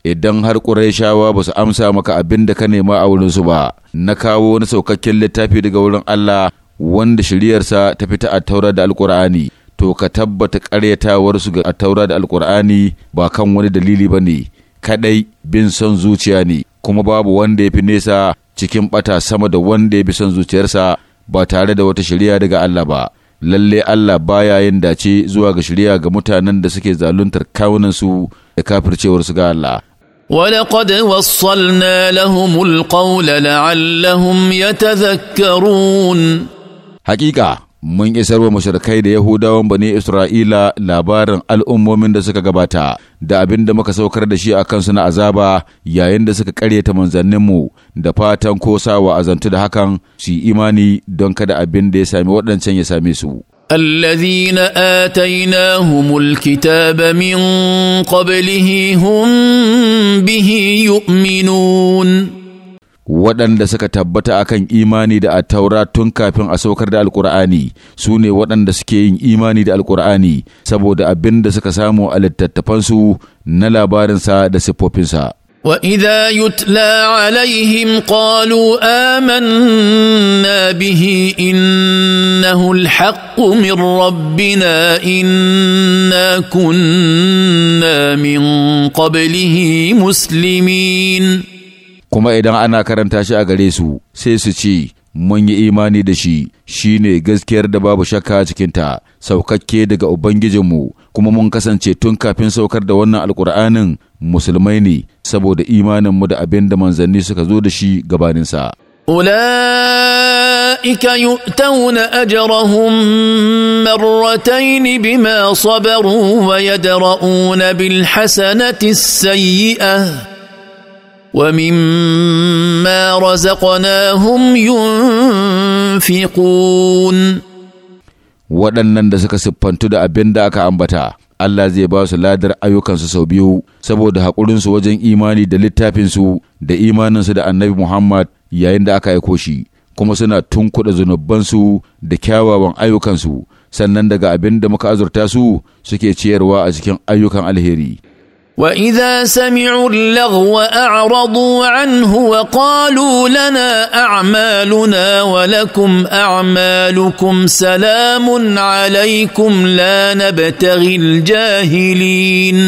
idan har ƙurayshawa ba su amsa maka abin da ka nema a wurinsu ba na kawo wani saukakken littafi daga wurin Allah wanda shiryarsa ta fita a taura da alƙur'ani to ka tabbata ƙaryatawarsu ga a taura da alƙur'ani ba kan wani dalili ba ne kaɗai bin son zuciya ne kuma babu wanda ya fi nesa cikin ɓata sama da wanda ya fi son zuciyarsa ba tare da wata shirya daga Allah ba. lalle Allah baya yin dace zuwa ga shirya ga mutanen da suke zaluntar kawunansu da kafircewar su ga Allah. ولقد وصلنا لهم القول لعلهم يتذكرون حقيقة mun isar wa mashirkai da Yahudawan bani Isra'ila labarin al'ummomin da suka gabata, da abin da muka saukar da shi a kansu na azaba yayin da suka karyata manzanninmu da fatan kosa wa azantu da hakan su imani don kada abin da ya sami waɗancan ya same su. الذين آتيناهم الكتاب من قبله هم به يؤمنون waɗanda suka tabbata akan imani da attaura tun kafin a saukar da alkur'ani su ne waɗanda suke yin imani da alkur'ani saboda abin da suka samu a littattafansu na labarinsa da siffofinsa واذا يتلى عليهم قالوا امنا به انه الحق من ربنا انا كنا من قبله مسلمين kuma idan ana karanta shi a gare su sai su ce mun yi imani da shi shi ne gaskiyar da babu shakka cikinta saukakke daga ubangijinmu kuma mun kasance tun kafin saukar da wannan alkur'anin musulmai ne saboda imaninmu da abin da manzanni suka zo da shi gabaninsa أولئك يؤتون أجرهم مرتين بما صبروا ويدرؤون بالحسنة السيئة ومما رزقناهم ينفقون waɗannan da suka siffantu da abin da aka ambata Allah zai ba su ladar ayyukansu sau biyu saboda haƙurinsu wajen imani da littafinsu da imaninsu da annabi Muhammad yayin da aka aiko shi kuma suna tunkuɗa zunubansu da kyawawan ayyukansu sannan daga abin da muka azurta su suke ciyarwa a cikin ayyukan alheri. واذا سمعوا اللغو اعرضوا عنه وقالوا لنا اعمالنا ولكم اعمالكم سلام عليكم لا نبتغي الجاهلين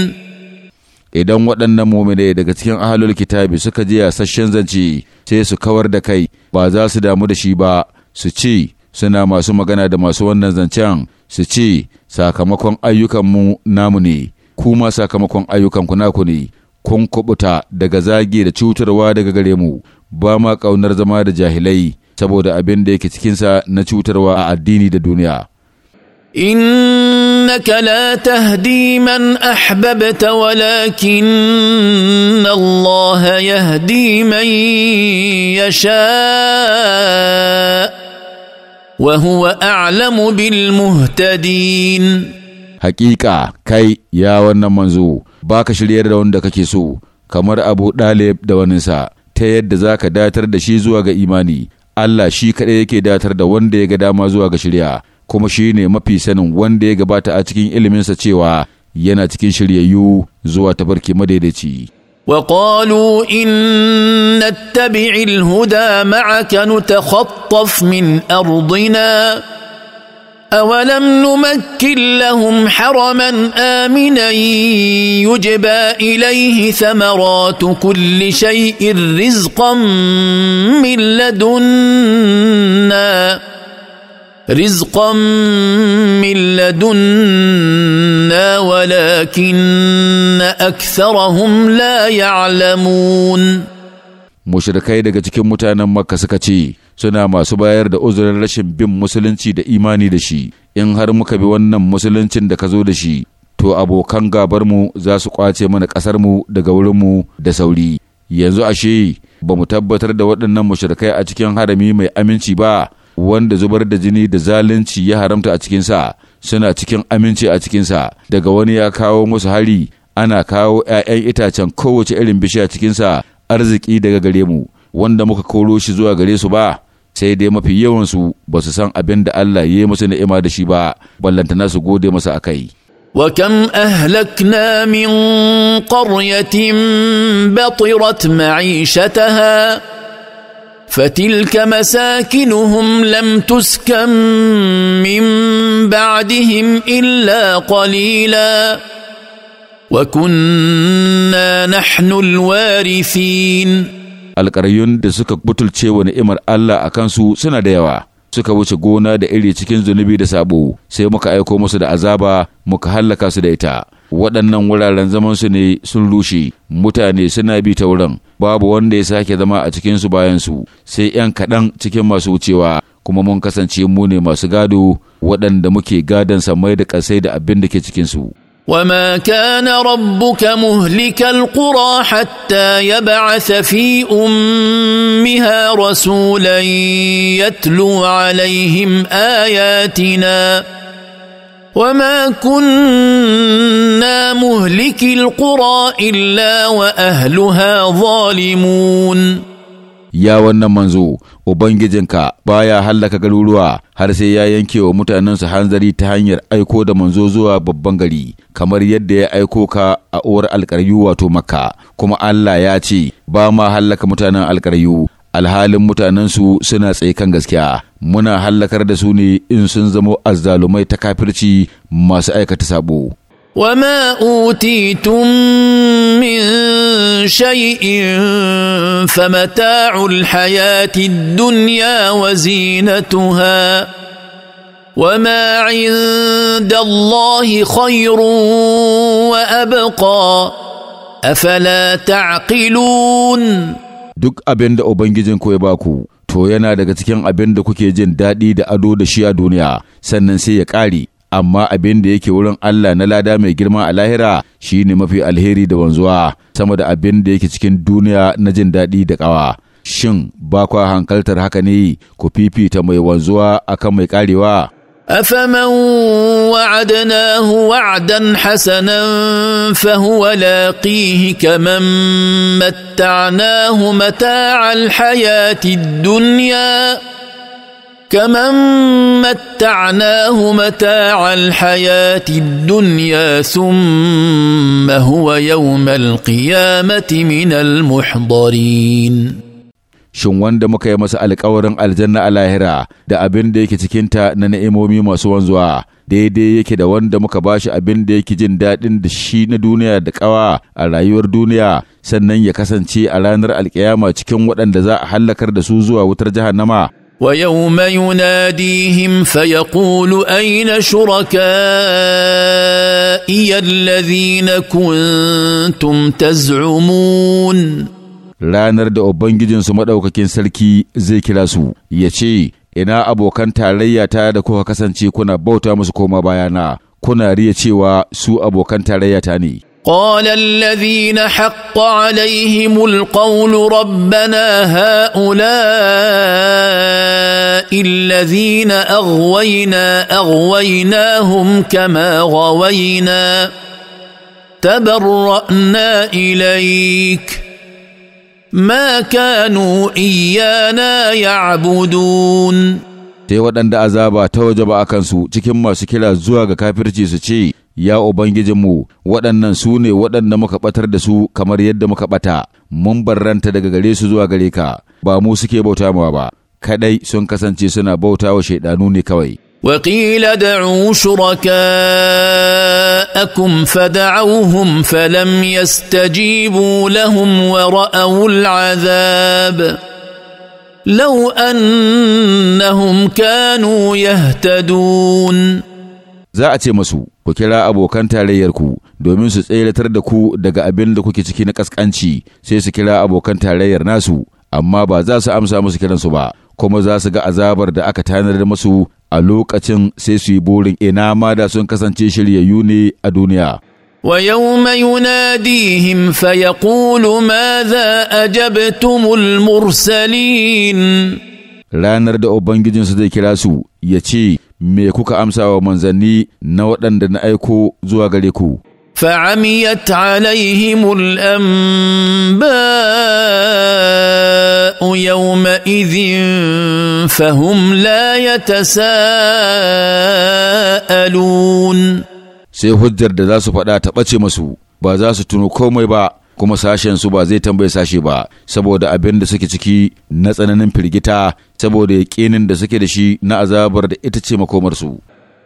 idan waɗannan muminai daga cikin ahalul kitabi suka ji yasasshen zance sai su kawar da kai ba za su damu da shi ba su ci suna masu magana da masu wannan zancen su ci sakamakon ayyukanmu namu ne kuma sakamakon ayyukanku naku ne, kun kubuta daga zage da cutarwa daga gare mu, ba ma ƙaunar zama da jahilai saboda abin da yake cikinsa na cutarwa a addini da duniya. انك لا تهدي من احببت ولكن الله يهدي من يشاء وهو اعلم بالمهتدين Hakika kai ya wannan manzo ba ka shiryar da wanda kake so kamar Abu ɗalib da waninsa ta yadda za ka datar da shi zuwa ga imani Allah shi kaɗai yake datar da wanda ya ga dama zuwa ga shirya kuma shi ne mafi sanin wanda ya gabata a cikin iliminsa cewa yana cikin shiryayyu zuwa tafarki madaidaici. وقالوا إن نتبع الهدى معك نتخطف من أرضنا أولم نمكن لهم حرما آمنا يجبى إليه ثمرات كل شيء رزقا من لدنا رزقا من لدنا ولكن أكثرهم لا يعلمون mushrikai daga cikin mutanen makka suka ce suna masu bayar da uzurin rashin bin musulunci da imani da shi in har muka bi wannan musuluncin da ka zo da shi to abokan gabarmu za su kwace mana mu daga wurinmu da sauri yanzu ashe ba mu tabbatar da waɗannan mushrikai a cikin harami mai aminci ba wanda zubar da jini da zalunci ya haramta a cikinsa suna cikin aminci a cikinsa daga wani ya kawo musu hari ana kawo ‘ya'yan itacen kowace irin bishiya cikinsa arziki daga gare mu wanda muka koro shi zuwa gare su ba sai dai mafi yawansu ba su san abin da Allah ya yi musu ni'ima da shi ba ballantana su gode masa kai وكم اهلكنا من قريه بطرت معيشتها فتلك مساكنهم لم تسكن من بعدهم illa قليلا وكنا نحن الوارثين alƙaryun da suka butulce wa ni'imar Allah a kansu suna da yawa suka wuce gona da iri cikin zunubi da sabo sai muka aiko musu da azaba muka hallaka su da ita waɗannan wuraren zamansu ne sun rushe mutane suna bi ta wurin babu wanda ya sake zama a cikinsu bayansu sai 'yan kaɗan cikin masu wucewa kuma mun kasance mu ne masu gado waɗanda muke gadon samai da ƙasai da abin da ke cikinsu. وما كان ربك مهلك القرى حتى يبعث في امها رسولا يتلو عليهم اياتنا وما كنا مهلك القرى الا واهلها ظالمون ya wannan manzo ubangijinka baya hallaka garuruwa har sai ya yanke wa mutanensu hanzari ta hanyar aiko da manzo zuwa babban gari kamar yadda ya aiko ka a uwar alkaryu wato makka kuma Allah ya ce ba ma hallaka mutanen alkaryu alhalin mutanensu suna kan gaskiya muna hallakar da su ne in sun zamo azzalumai ta kafirci masu aikata sabo. Wama utitum min شيء فمتاع الحياه الدنيا وزينتها وما عند الله خير وابقى افلا تعقلون duk abinda da ubangijinku ya baku to yana daga cikin abin da kuke jin daɗi da ado da shi a duniya sannan sai ya ƙare amma abin da yake wurin Allah na lada mai girma a lahira shi ne mafi alheri da wanzuwa sama da abin da yake cikin duniya na jin daɗi da ƙawa. Shin ba kwa hankaltar haka ne ku fifita mai wanzuwa akan mai ƙarewa? أفمن وعدناه وعدا حسنا فهو لاقيه كمن متعناه متاع الحياة الدنيا كمن متعناه متاع الحياه الدنيا ثم هو يوم القيامه من المحضرين shin wanda muka yi masa alkawarin aljanna a lahira da abin da yake cikinta na na'imomi masu wanzuwa daidai yake da wanda muka bashi abin da yake jin daɗin da shi na duniya da ƙawa a rayuwar duniya sannan ya kasance a ranar alkiyama cikin waɗanda za a hallakar da su zuwa wutar jahannama ويوم يناديهم فيقول اين شركائي الذين كنتم تزعمون ranar da Ubangijinsu maɗaukakin sarki zai kira su ya ce, Ina abokan tarayyata da kuka kasance kuna bauta musu koma bayana, kuna riya cewa su abokan tarayyata ne. قال الذين حق عليهم القول ربنا هؤلاء الذين اغوينا اغويناهم كما غوينا تبرانا اليك ما كانوا ايانا يعبدون sai waɗanda azaba ta wajaba a kansu cikin masu kira zuwa ga kafirci su ce Ya Ubangijinmu, waɗannan su ne waɗanda muka ɓatar da su kamar yadda muka ɓata, mun barranta daga gare su zuwa gare ka, ba mu suke bauta mawa ba, kaɗai sun kasance suna bauta wa shaiɗanu ne kawai. وقيل دعوا شركاءكم فدعوهم فلم يستجيبوا لهم وراوا العذاب لو انهم كانوا يهتدون za a ce masu ku kira abokan tarayyarku domin su tseratar da ku daga abin da kuke ciki na kaskanci sai su kira abokan tarayyar nasu amma ba za su amsa musu kiransu ba kuma za su ga azabar da aka tanar da masu a lokacin sai su yi burin ina ma da sun kasance shiryayyu ne a duniya ويوم يناديهم فيقول ماذا أجبتم المرسلين ranar da Ubangijinsu zai kira su ya me kuka amsa wa manzanni na waɗanda na aiko zuwa gare ku. فعميت عليهم الانباء يومئذ ya ta يتساءلون sai hujjar da za su faɗa ta ɓace masu ba za su tuno komai ba kuma sashen su ba zai tambaye sashe ba saboda abin da suke ciki na tsananin firgita saboda yaƙinin da suke da shi na azabar da ita ce wa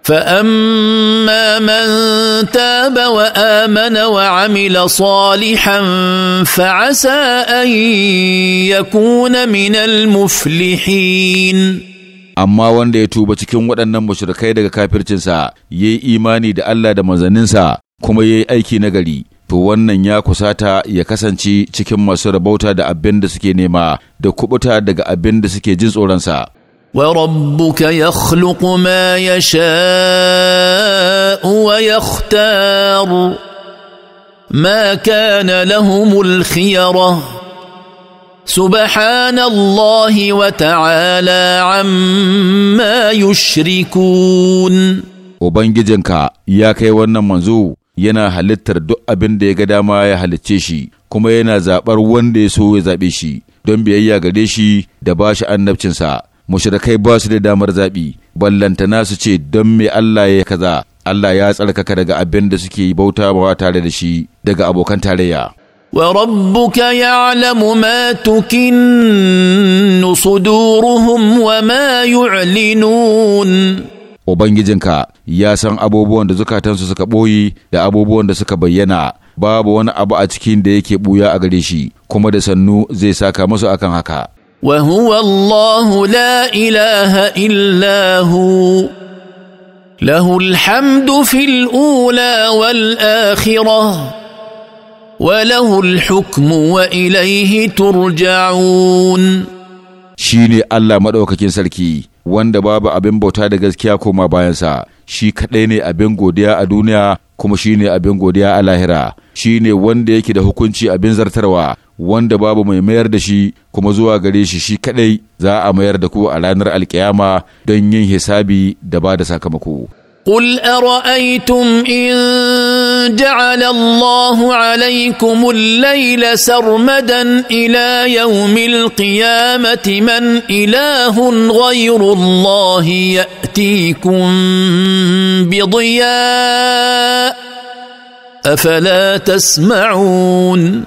Amana wa تاب وامن fa صالحا فعسى ان يكون من muflihin. amma wanda ya tuba cikin waɗannan mashirkai daga kafircinsa ya yi imani da Allah da manzanninsa kuma ya yi aiki nagari to wannan ya kusata ya kasance cikin masu rabauta da abin da suke nema da kubuta daga abin da suke jin tsoronsa. وربك يخلق ما يشاء ويختار ما كان لهم الخيره سبحان الله وتعالى عما يشركون Ubangijinka ya kai wannan manzo yana halittar duk abin da ya ga dama ya halicce shi kuma yana zaɓar wanda ya so ya zaɓe shi don biyayya gare shi da ba shi annabcinsa mushrikai ba su da damar zaɓi ballantana su ce don me Allah ya kaza Allah ya tsarkaka daga abin da suke bauta ba tare da shi daga abokan tarayya وربك يعلم ما تكن wa وما يعلنون Ubangijinka ya san abubuwan da zukatansu suka ɓoye, da abubuwan da suka bayyana babu wani abu a cikin da yake ɓuya a gare shi kuma da sannu zai saka musu akan haka. Wa huwa la ilaha illahu, hu lahu alhamdu fil ula wal akhirah wa lahu alhukmu wa ilayhi turja'un Shine Allah maɗaukakin sarki wanda babu abin bauta da gaskiya koma bayansa shi kaɗai ne abin godiya a duniya kuma shi ne abin godiya a lahira shi ne wanda yake da hukunci abin zartarwa wanda babu mai mayar da shi kuma zuwa gare shi shi kaɗai za a mayar da ku a ranar alkiyama don yin hisabi da ba da sakamako. قل ارايتم ان جعل الله عليكم الليل سرمدا الى يوم القيامه من اله غير الله ياتيكم بضياء افلا تسمعون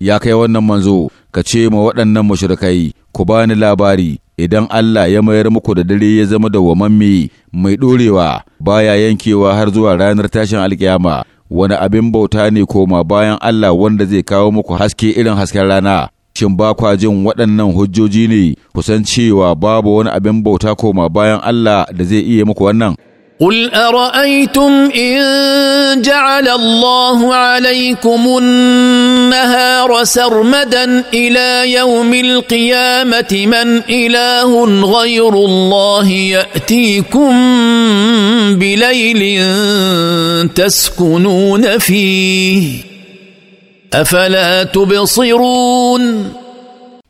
يا كي wannan manzo ka ce ma waɗannan mushrikai ku bani labari idan Allah ya mayar muku da dare ya zama dawwamamme mai ɗorewa baya yankewa har zuwa ranar tashin alkiyama wani abin bauta ne koma bayan Allah wanda zai kawo muku haske irin hasken rana shin ba kwa jin waɗannan hujjoji ne kusan cewa babu wani abin bauta koma bayan Allah da zai iya muku wannan قل ارايتم ان جعل الله عليكم النهار سرمدا الى يوم القيامه من اله غير الله ياتيكم بليل تسكنون فيه افلا تبصرون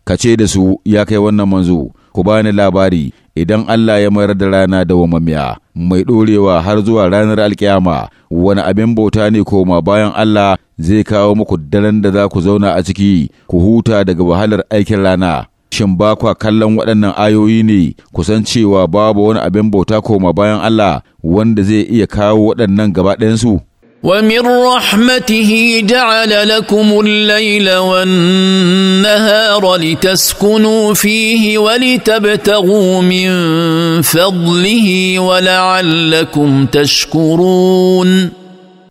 كتشيدسو ياكي منزو ku bani labari idan Allah ya mayar da rana da wamamiya mai ɗorewa har zuwa ranar alkiyama wani abin bauta ne koma bayan Allah zai kawo muku daren da za ku zauna a ciki ku huta daga wahalar aikin rana shin ba kwa kallon waɗannan ayoyi ne kusan cewa babu wani abin bauta koma bayan Allah wanda zai iya kawo waɗannan gaba ɗayansu ومن رحمته جعل لكم الليل والنهار لتسكنوا فيه ولتبتغوا من فضله ولعلكم تشكرون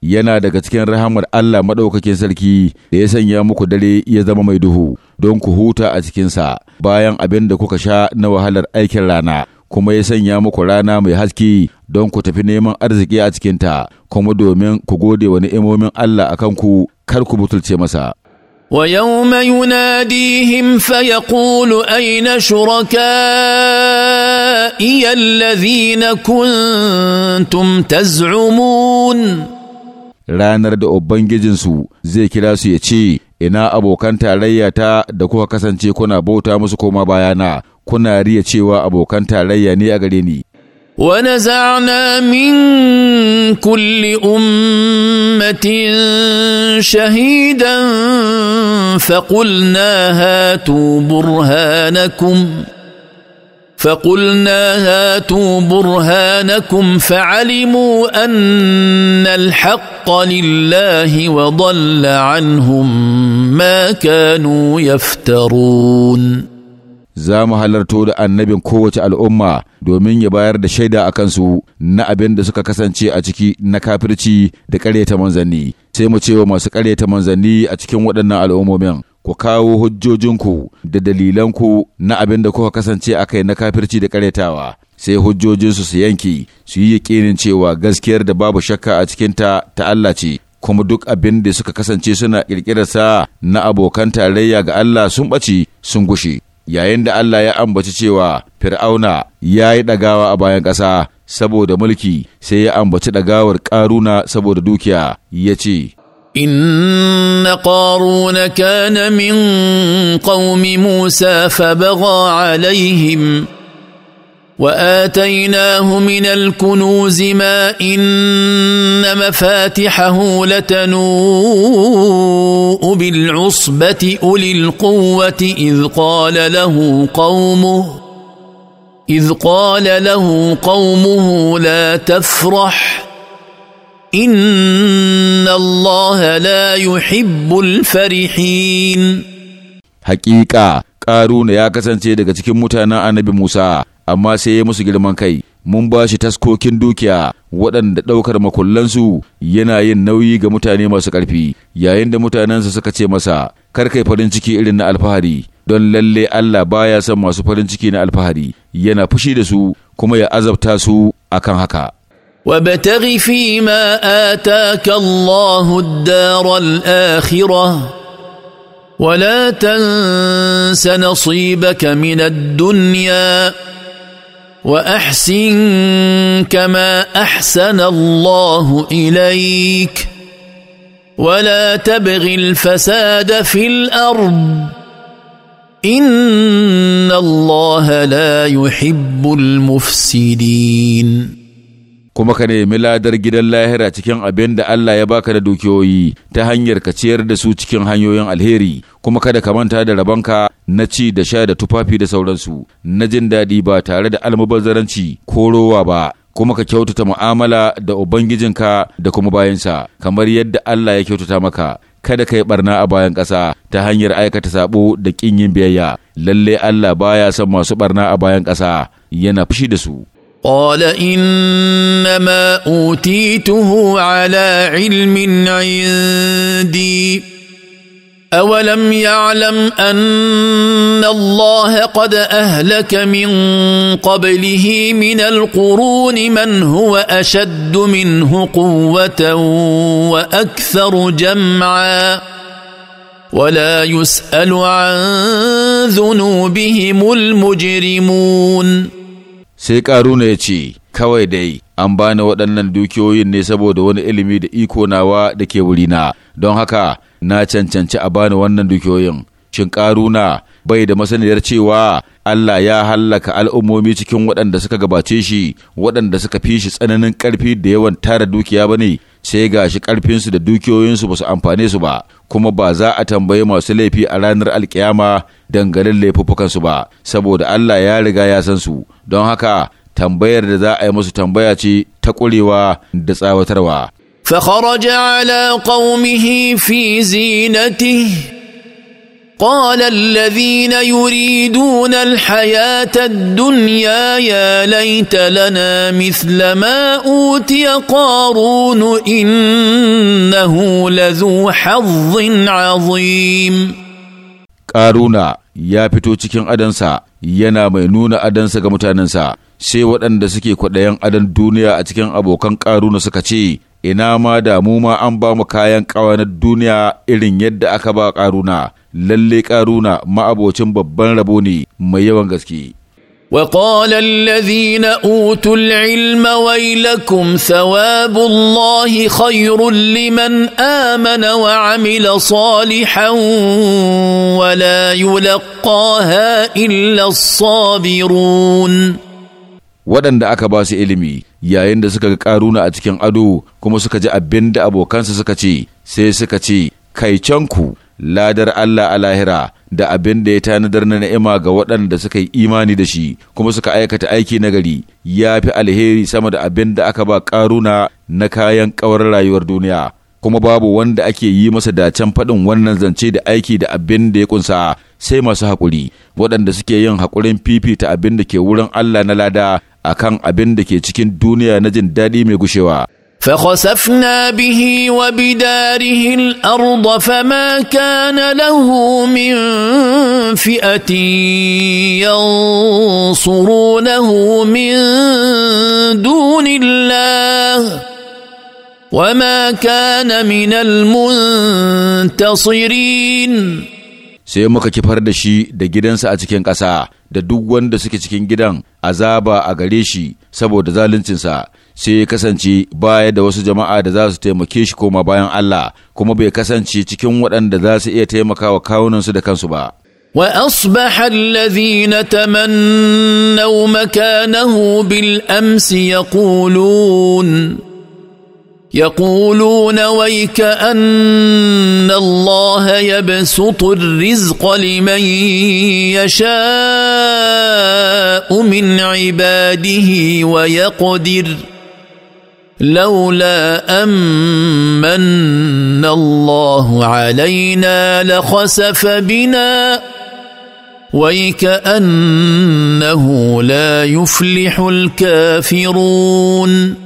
yana daga cikin rahamar Allah maɗaukakin sarki da ya sanya muku dare ya zama mai duhu don ku huta a cikinsa bayan abin da kuka sha na wahalar aikin rana kuma ya sanya muku rana mai haske don ku tafi neman arziki a cikinta kuma domin ku gode wani imomin Allah a kanku kar ku butulce masa. ويوم يناديهم فيقول أين شركائي الذين كنتم تزعمون ranar da Ubangijinsu zai kira su ya ce, Ina abokan tarayyata da kuka kasance kuna bauta musu koma bayana, kuna riya cewa abokan tarayya ne a gare ni ونزعنا من كل امه شهيدا فقلنا هاتوا برهانكم فقلنا هاتوا برهانكم فعلموا ان الحق لله وضل عنهم ما كانوا يفترون za mu halarto da annabin kowace al'umma domin ya bayar da shaida a kansu na abin da suka kasance a ciki na kafirci da ƙaryata manzanni sai mu ce wa masu ƙaryata manzanni a cikin waɗannan al'ummomin ku kawo hujjojinku da dalilanku na abin da kuka kasance a kai na kafirci da ƙaryatawa sai hujjojinsu su yanke su yi yaƙinin cewa gaskiyar da babu shakka a cikinta ta Allah ce kuma duk abin da suka kasance suna ƙirƙirarsa na abokan tarayya ga Allah sun ɓace sun gushe yayin da Allah ya ambaci cewa Fir'auna ya yi ɗagawa a bayan ƙasa saboda mulki sai ya ambaci ɗagawar ƙaruna saboda dukiya ya ce, إن قارون كان من قوم موسى فبغى عليهم واتيناه من الكنوز ما ان مفاتحه لتنوء بالعصبه اولي القوه اذ قال له قومه اذ قال له قومه لا تفرح ان الله لا يحب الفرحين حقيقه قارون يا كسانتي daga cikin mutanen annabi Musa amma sai ya musu girman kai mun ba shi taskokin dukiya waɗanda ɗaukar makullansu yana yin nauyi ga mutane masu ƙarfi yayin da mutanensa suka ce masa kar kai farin ciki irin na alfahari don lalle Allah baya son masu farin ciki na alfahari yana fushi da su kuma ya azabta su akan haka وابتغ فيما آتاك الله الدار الآخرة ولا تنس نصيبك من الدنيا واحسن كما احسن الله اليك ولا تبغ الفساد في الارض ان الله لا يحب المفسدين kuma ka nemi ladar gidan lahira cikin abin da Allah ya baka da dukiyoyi ta hanyar ka ciyar da su cikin hanyoyin alheri kuma kada ka manta da rabanka na ci da sha da tufafi da sauransu na jin daɗi ba tare da almubazzaranci ko rowa ba kuma ka kyautata mu'amala da Ubangijinka da kuma bayansa, kamar yadda Allah ya kyautata maka, kada ka yi barna a bayan ƙasa ta hanyar aikata sabo da ƙin yin biyayya, lalle Allah baya son masu barna a bayan ƙasa yana fushi da su. قال انما اوتيته على علم عندي اولم يعلم ان الله قد اهلك من قبله من القرون من هو اشد منه قوه واكثر جمعا ولا يسال عن ذنوبهم المجرمون sai ne ya ce, Kawai dai, an bani waɗannan dukiyoyin ne saboda wani ilimi da iko nawa da ke wurina, don haka na cancanci a bani wannan dukiyoyin. Shin na bai da masaniyar cewa Allah ya hallaka al'ummomi cikin waɗanda suka gabace shi, waɗanda suka fi shi tsananin ƙarfi da yawan tara dukiya ba ne. sai ga shi ƙarfinsu da dukiyoyinsu ba su amfane su ba kuma ba za a tambayi masu laifi a ranar alkiyama ganin laifukansu ba saboda Allah ya riga ya san su don haka tambayar da za a yi musu tambaya ce ta ƙurewa da tsawatarwa. فخرج على قومه في زينته قال الذين يريدون الحياة الدنيا يا ليت لنا مثل ما أوتي قارون إنه لذو حظ عظيم ƙaruna ya fito cikin adansa yana mai nuna adansa ga mutanensa sai waɗanda suke kwaɗayan adan duniya a cikin abokan ƙaruna suka ce ina ma da mu ma an ba mu kayan ƙawanar duniya irin yadda aka ba ƙaruna Lallai ƙaruna ma'abocin babban rabo ne mai yawan gaske. وقال الذين اوتوا العلم ويلكم ثواب الله خير لمن امن وعمل صالحا ولا يلقاها الا الصابرون waɗanda aka ba su ilimi yayin da suka ga ƙaruna a cikin ado kuma suka ji abinda abokansa suka ce sai suka ce kai canku ladar Allah a lahira da abin da ya tanadar na ni'ima ga waɗanda suka yi imani da shi kuma suka aikata aiki nagari ya fi alheri sama da abin da aka ba ƙaruna na kayan ƙawar rayuwar duniya kuma babu wanda ake yi masa dacen faɗin wannan zance da aiki da abin da ya kunsa sai masu haƙuri waɗanda suke yin haƙurin fifita abin da ke wurin Allah na lada akan abin da ke cikin duniya na jin daɗi mai gushewa فخسفنا به وبداره الارض فما كان له من فئه ينصرونه من دون الله وما كان من المنتصرين sai muka kifar da shi da gidansa a cikin ƙasa da duk wanda suke cikin gidan azaba a gare shi saboda zaluncinsa sai ya kasance baya da wasu jama'a da za su taimake shi koma bayan Allah kuma bai kasance cikin waɗanda za su iya taimakawa kawunansu da kansu ba. واصبح الذين تمنوا مكانه بالامس يقولون يقولون ويك ان الله يبسط الرزق لمن يشاء من عباده ويقدر لولا امن الله علينا لخسف بنا ويكانه لا يفلح الكافرون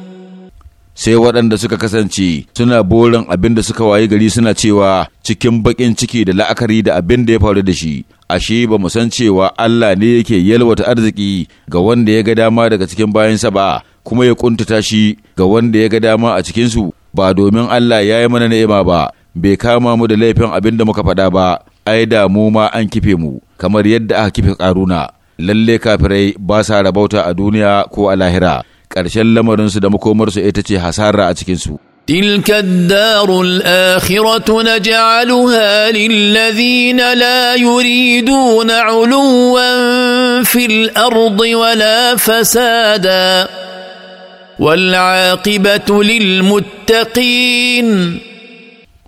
sai waɗanda suka kasance suna borin abin da suka wayi gari suna cewa cikin baƙin ciki da la'akari da abin da ya faru da shi ashe ba mu san cewa Allah ne yake yalwata arziki ga wanda ya ga dama daga cikin bayansa ba kuma ya ƙuntata shi ga wanda ya ga dama a cikinsu ba domin Allah ya yi mana ni'ima ba bai kama mu da laifin abin da muka faɗa ba ai da mu ma an kife mu kamar yadda aka kife karuna lalle kafirai ba sa rabauta a duniya ko a lahira ƙarshen lamarinsu da makomarsu ita ce hasara a cikinsu تلك الدار الآخرة نجعلها للذين لا يريدون علوا في الأرض ولا فسادا والعاقبة للمتقين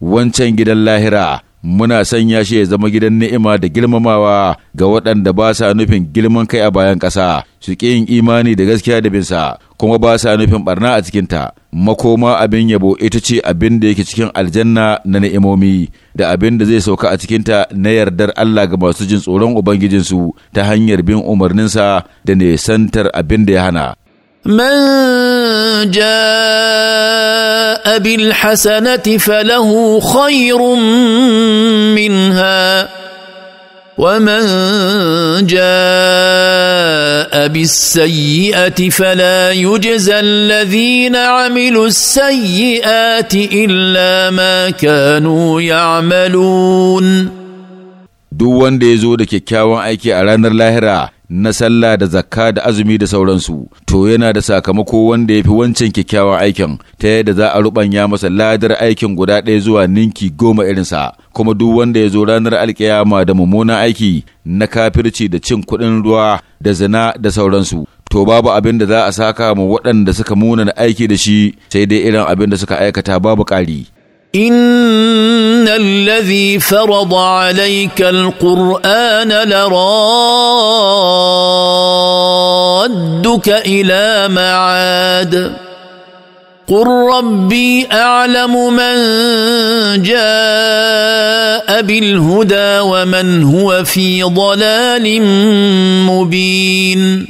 wancan gidan lahira muna sanya shi ya zama gidan ni'ima da girmamawa ga waɗanda ba sa nufin girman kai a bayan ƙasa su ƙi yin imani da gaskiya da binsa kuma ba sa nufin ɓarna a cikinta makoma abin yabo ita ce abin da yake cikin aljanna na ni'imomi da abin da zai sauka a cikinta na yardar Allah ga masu jin tsoron ubangijinsu ta hanyar bin umarninsa da nesantar abin da ya hana من جاء بالحسنه فله خير منها ومن جاء بالسيئه فلا يجزى الذين عملوا السيئات الا ما كانوا يعملون duk wanda ya zo da kyakkyawan aiki لاهرا na sallah da zakka da azumi da sauransu to yana da sakamako wanda ya fi wancan kyakkyawan aikin ta yadda za a rubanya masa ladar aikin guda ɗaya zuwa ninki goma irinsa kuma duk wanda ya zo ranar alkiyama da mummunan aiki na kafirci da cin kuɗin ruwa da zina da sauransu to babu abin da za a saka ma waɗanda suka munana aiki da shi sai dai irin abin da suka aikata babu ƙari ان الذي فرض عليك القران لرادك الى معاد قل ربي اعلم من جاء بالهدى ومن هو في ضلال مبين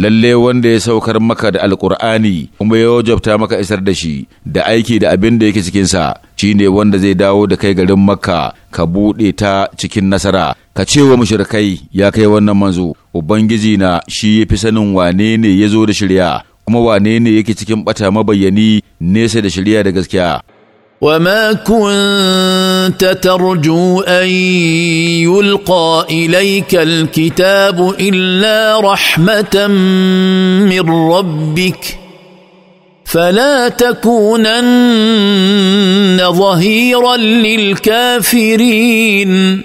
lalle wanda ya saukar maka da alkur'ani kuma ya wajabta maka isar da shi da aiki da abin da yake cikinsa shine wanda zai dawo da kai garin makka ka buɗe ta cikin nasara ka ce wa mushrikai ya kai wannan manzo ubangiji na shi ya fi sanin wane ne ya zo da shirya kuma wane ne yake cikin bata mabayyani nesa da shirya da gaskiya وما كنت ترجو ان يلقى اليك الكتاب الا رحمه من ربك فلا تكونن ظهيرا للكافرين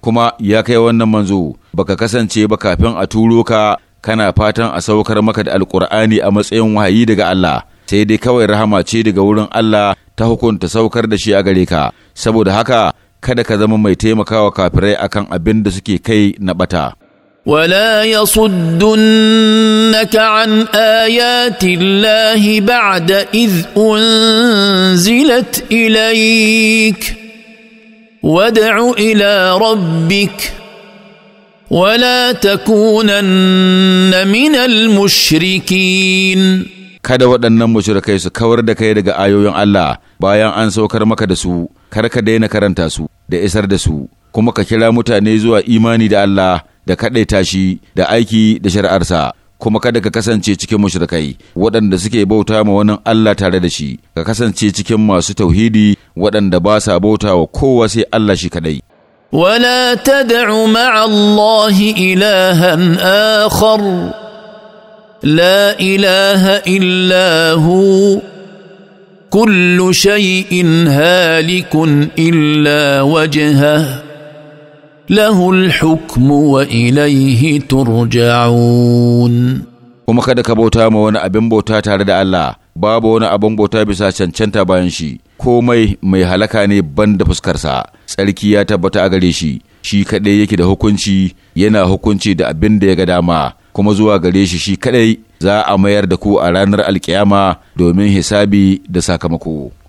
kuma ya kai wannan manzo baka kasance ba kafin a turo ka kana fatan a saukar maka da alkur'ani a matsayin wahayi daga Allah sai dai kawai rahama ce daga wurin Allah ta hukunta saukar da shi a gare ka saboda haka kada ka zama mai taimakawa kafirai akan abin da suke kai na bata ولا يصدنك عن ايات الله بعد اذ انزلت اليك وادع الى ربك ولا تكونن من المشركين kada waɗannan mushrikai su kawar da kai daga ayoyin Allah bayan an saukar maka da su kar ka daina karanta su da isar da su kuma ka kira mutane zuwa imani da Allah da kaɗaita shi da aiki da shari'arsa kuma kada ka kasance cikin mushrikai waɗanda suke bauta ma wani Allah tare da shi ka kasance cikin masu tauhidi waɗanda ba sa bauta wa kowa sai Allah shi kaɗai ولا تدع مع الله إلها آخر لا اله الا هو كل شيء هالك الا وجهه له الحكم واليه ترجعون kuma kada ka bauta ma wani abin bauta tare da Allah babu wani abin bauta bisa cancanta bayan shi komai mai halaka ne ban da fuskarsa tsarki ya tabbata a gare shi shi kaɗai yake da hukunci yana hukunci da abin da ya ga dama kuma zuwa gare shi shi kadai za a mayar da ku a ranar alkiyama domin hisabi da sakamako.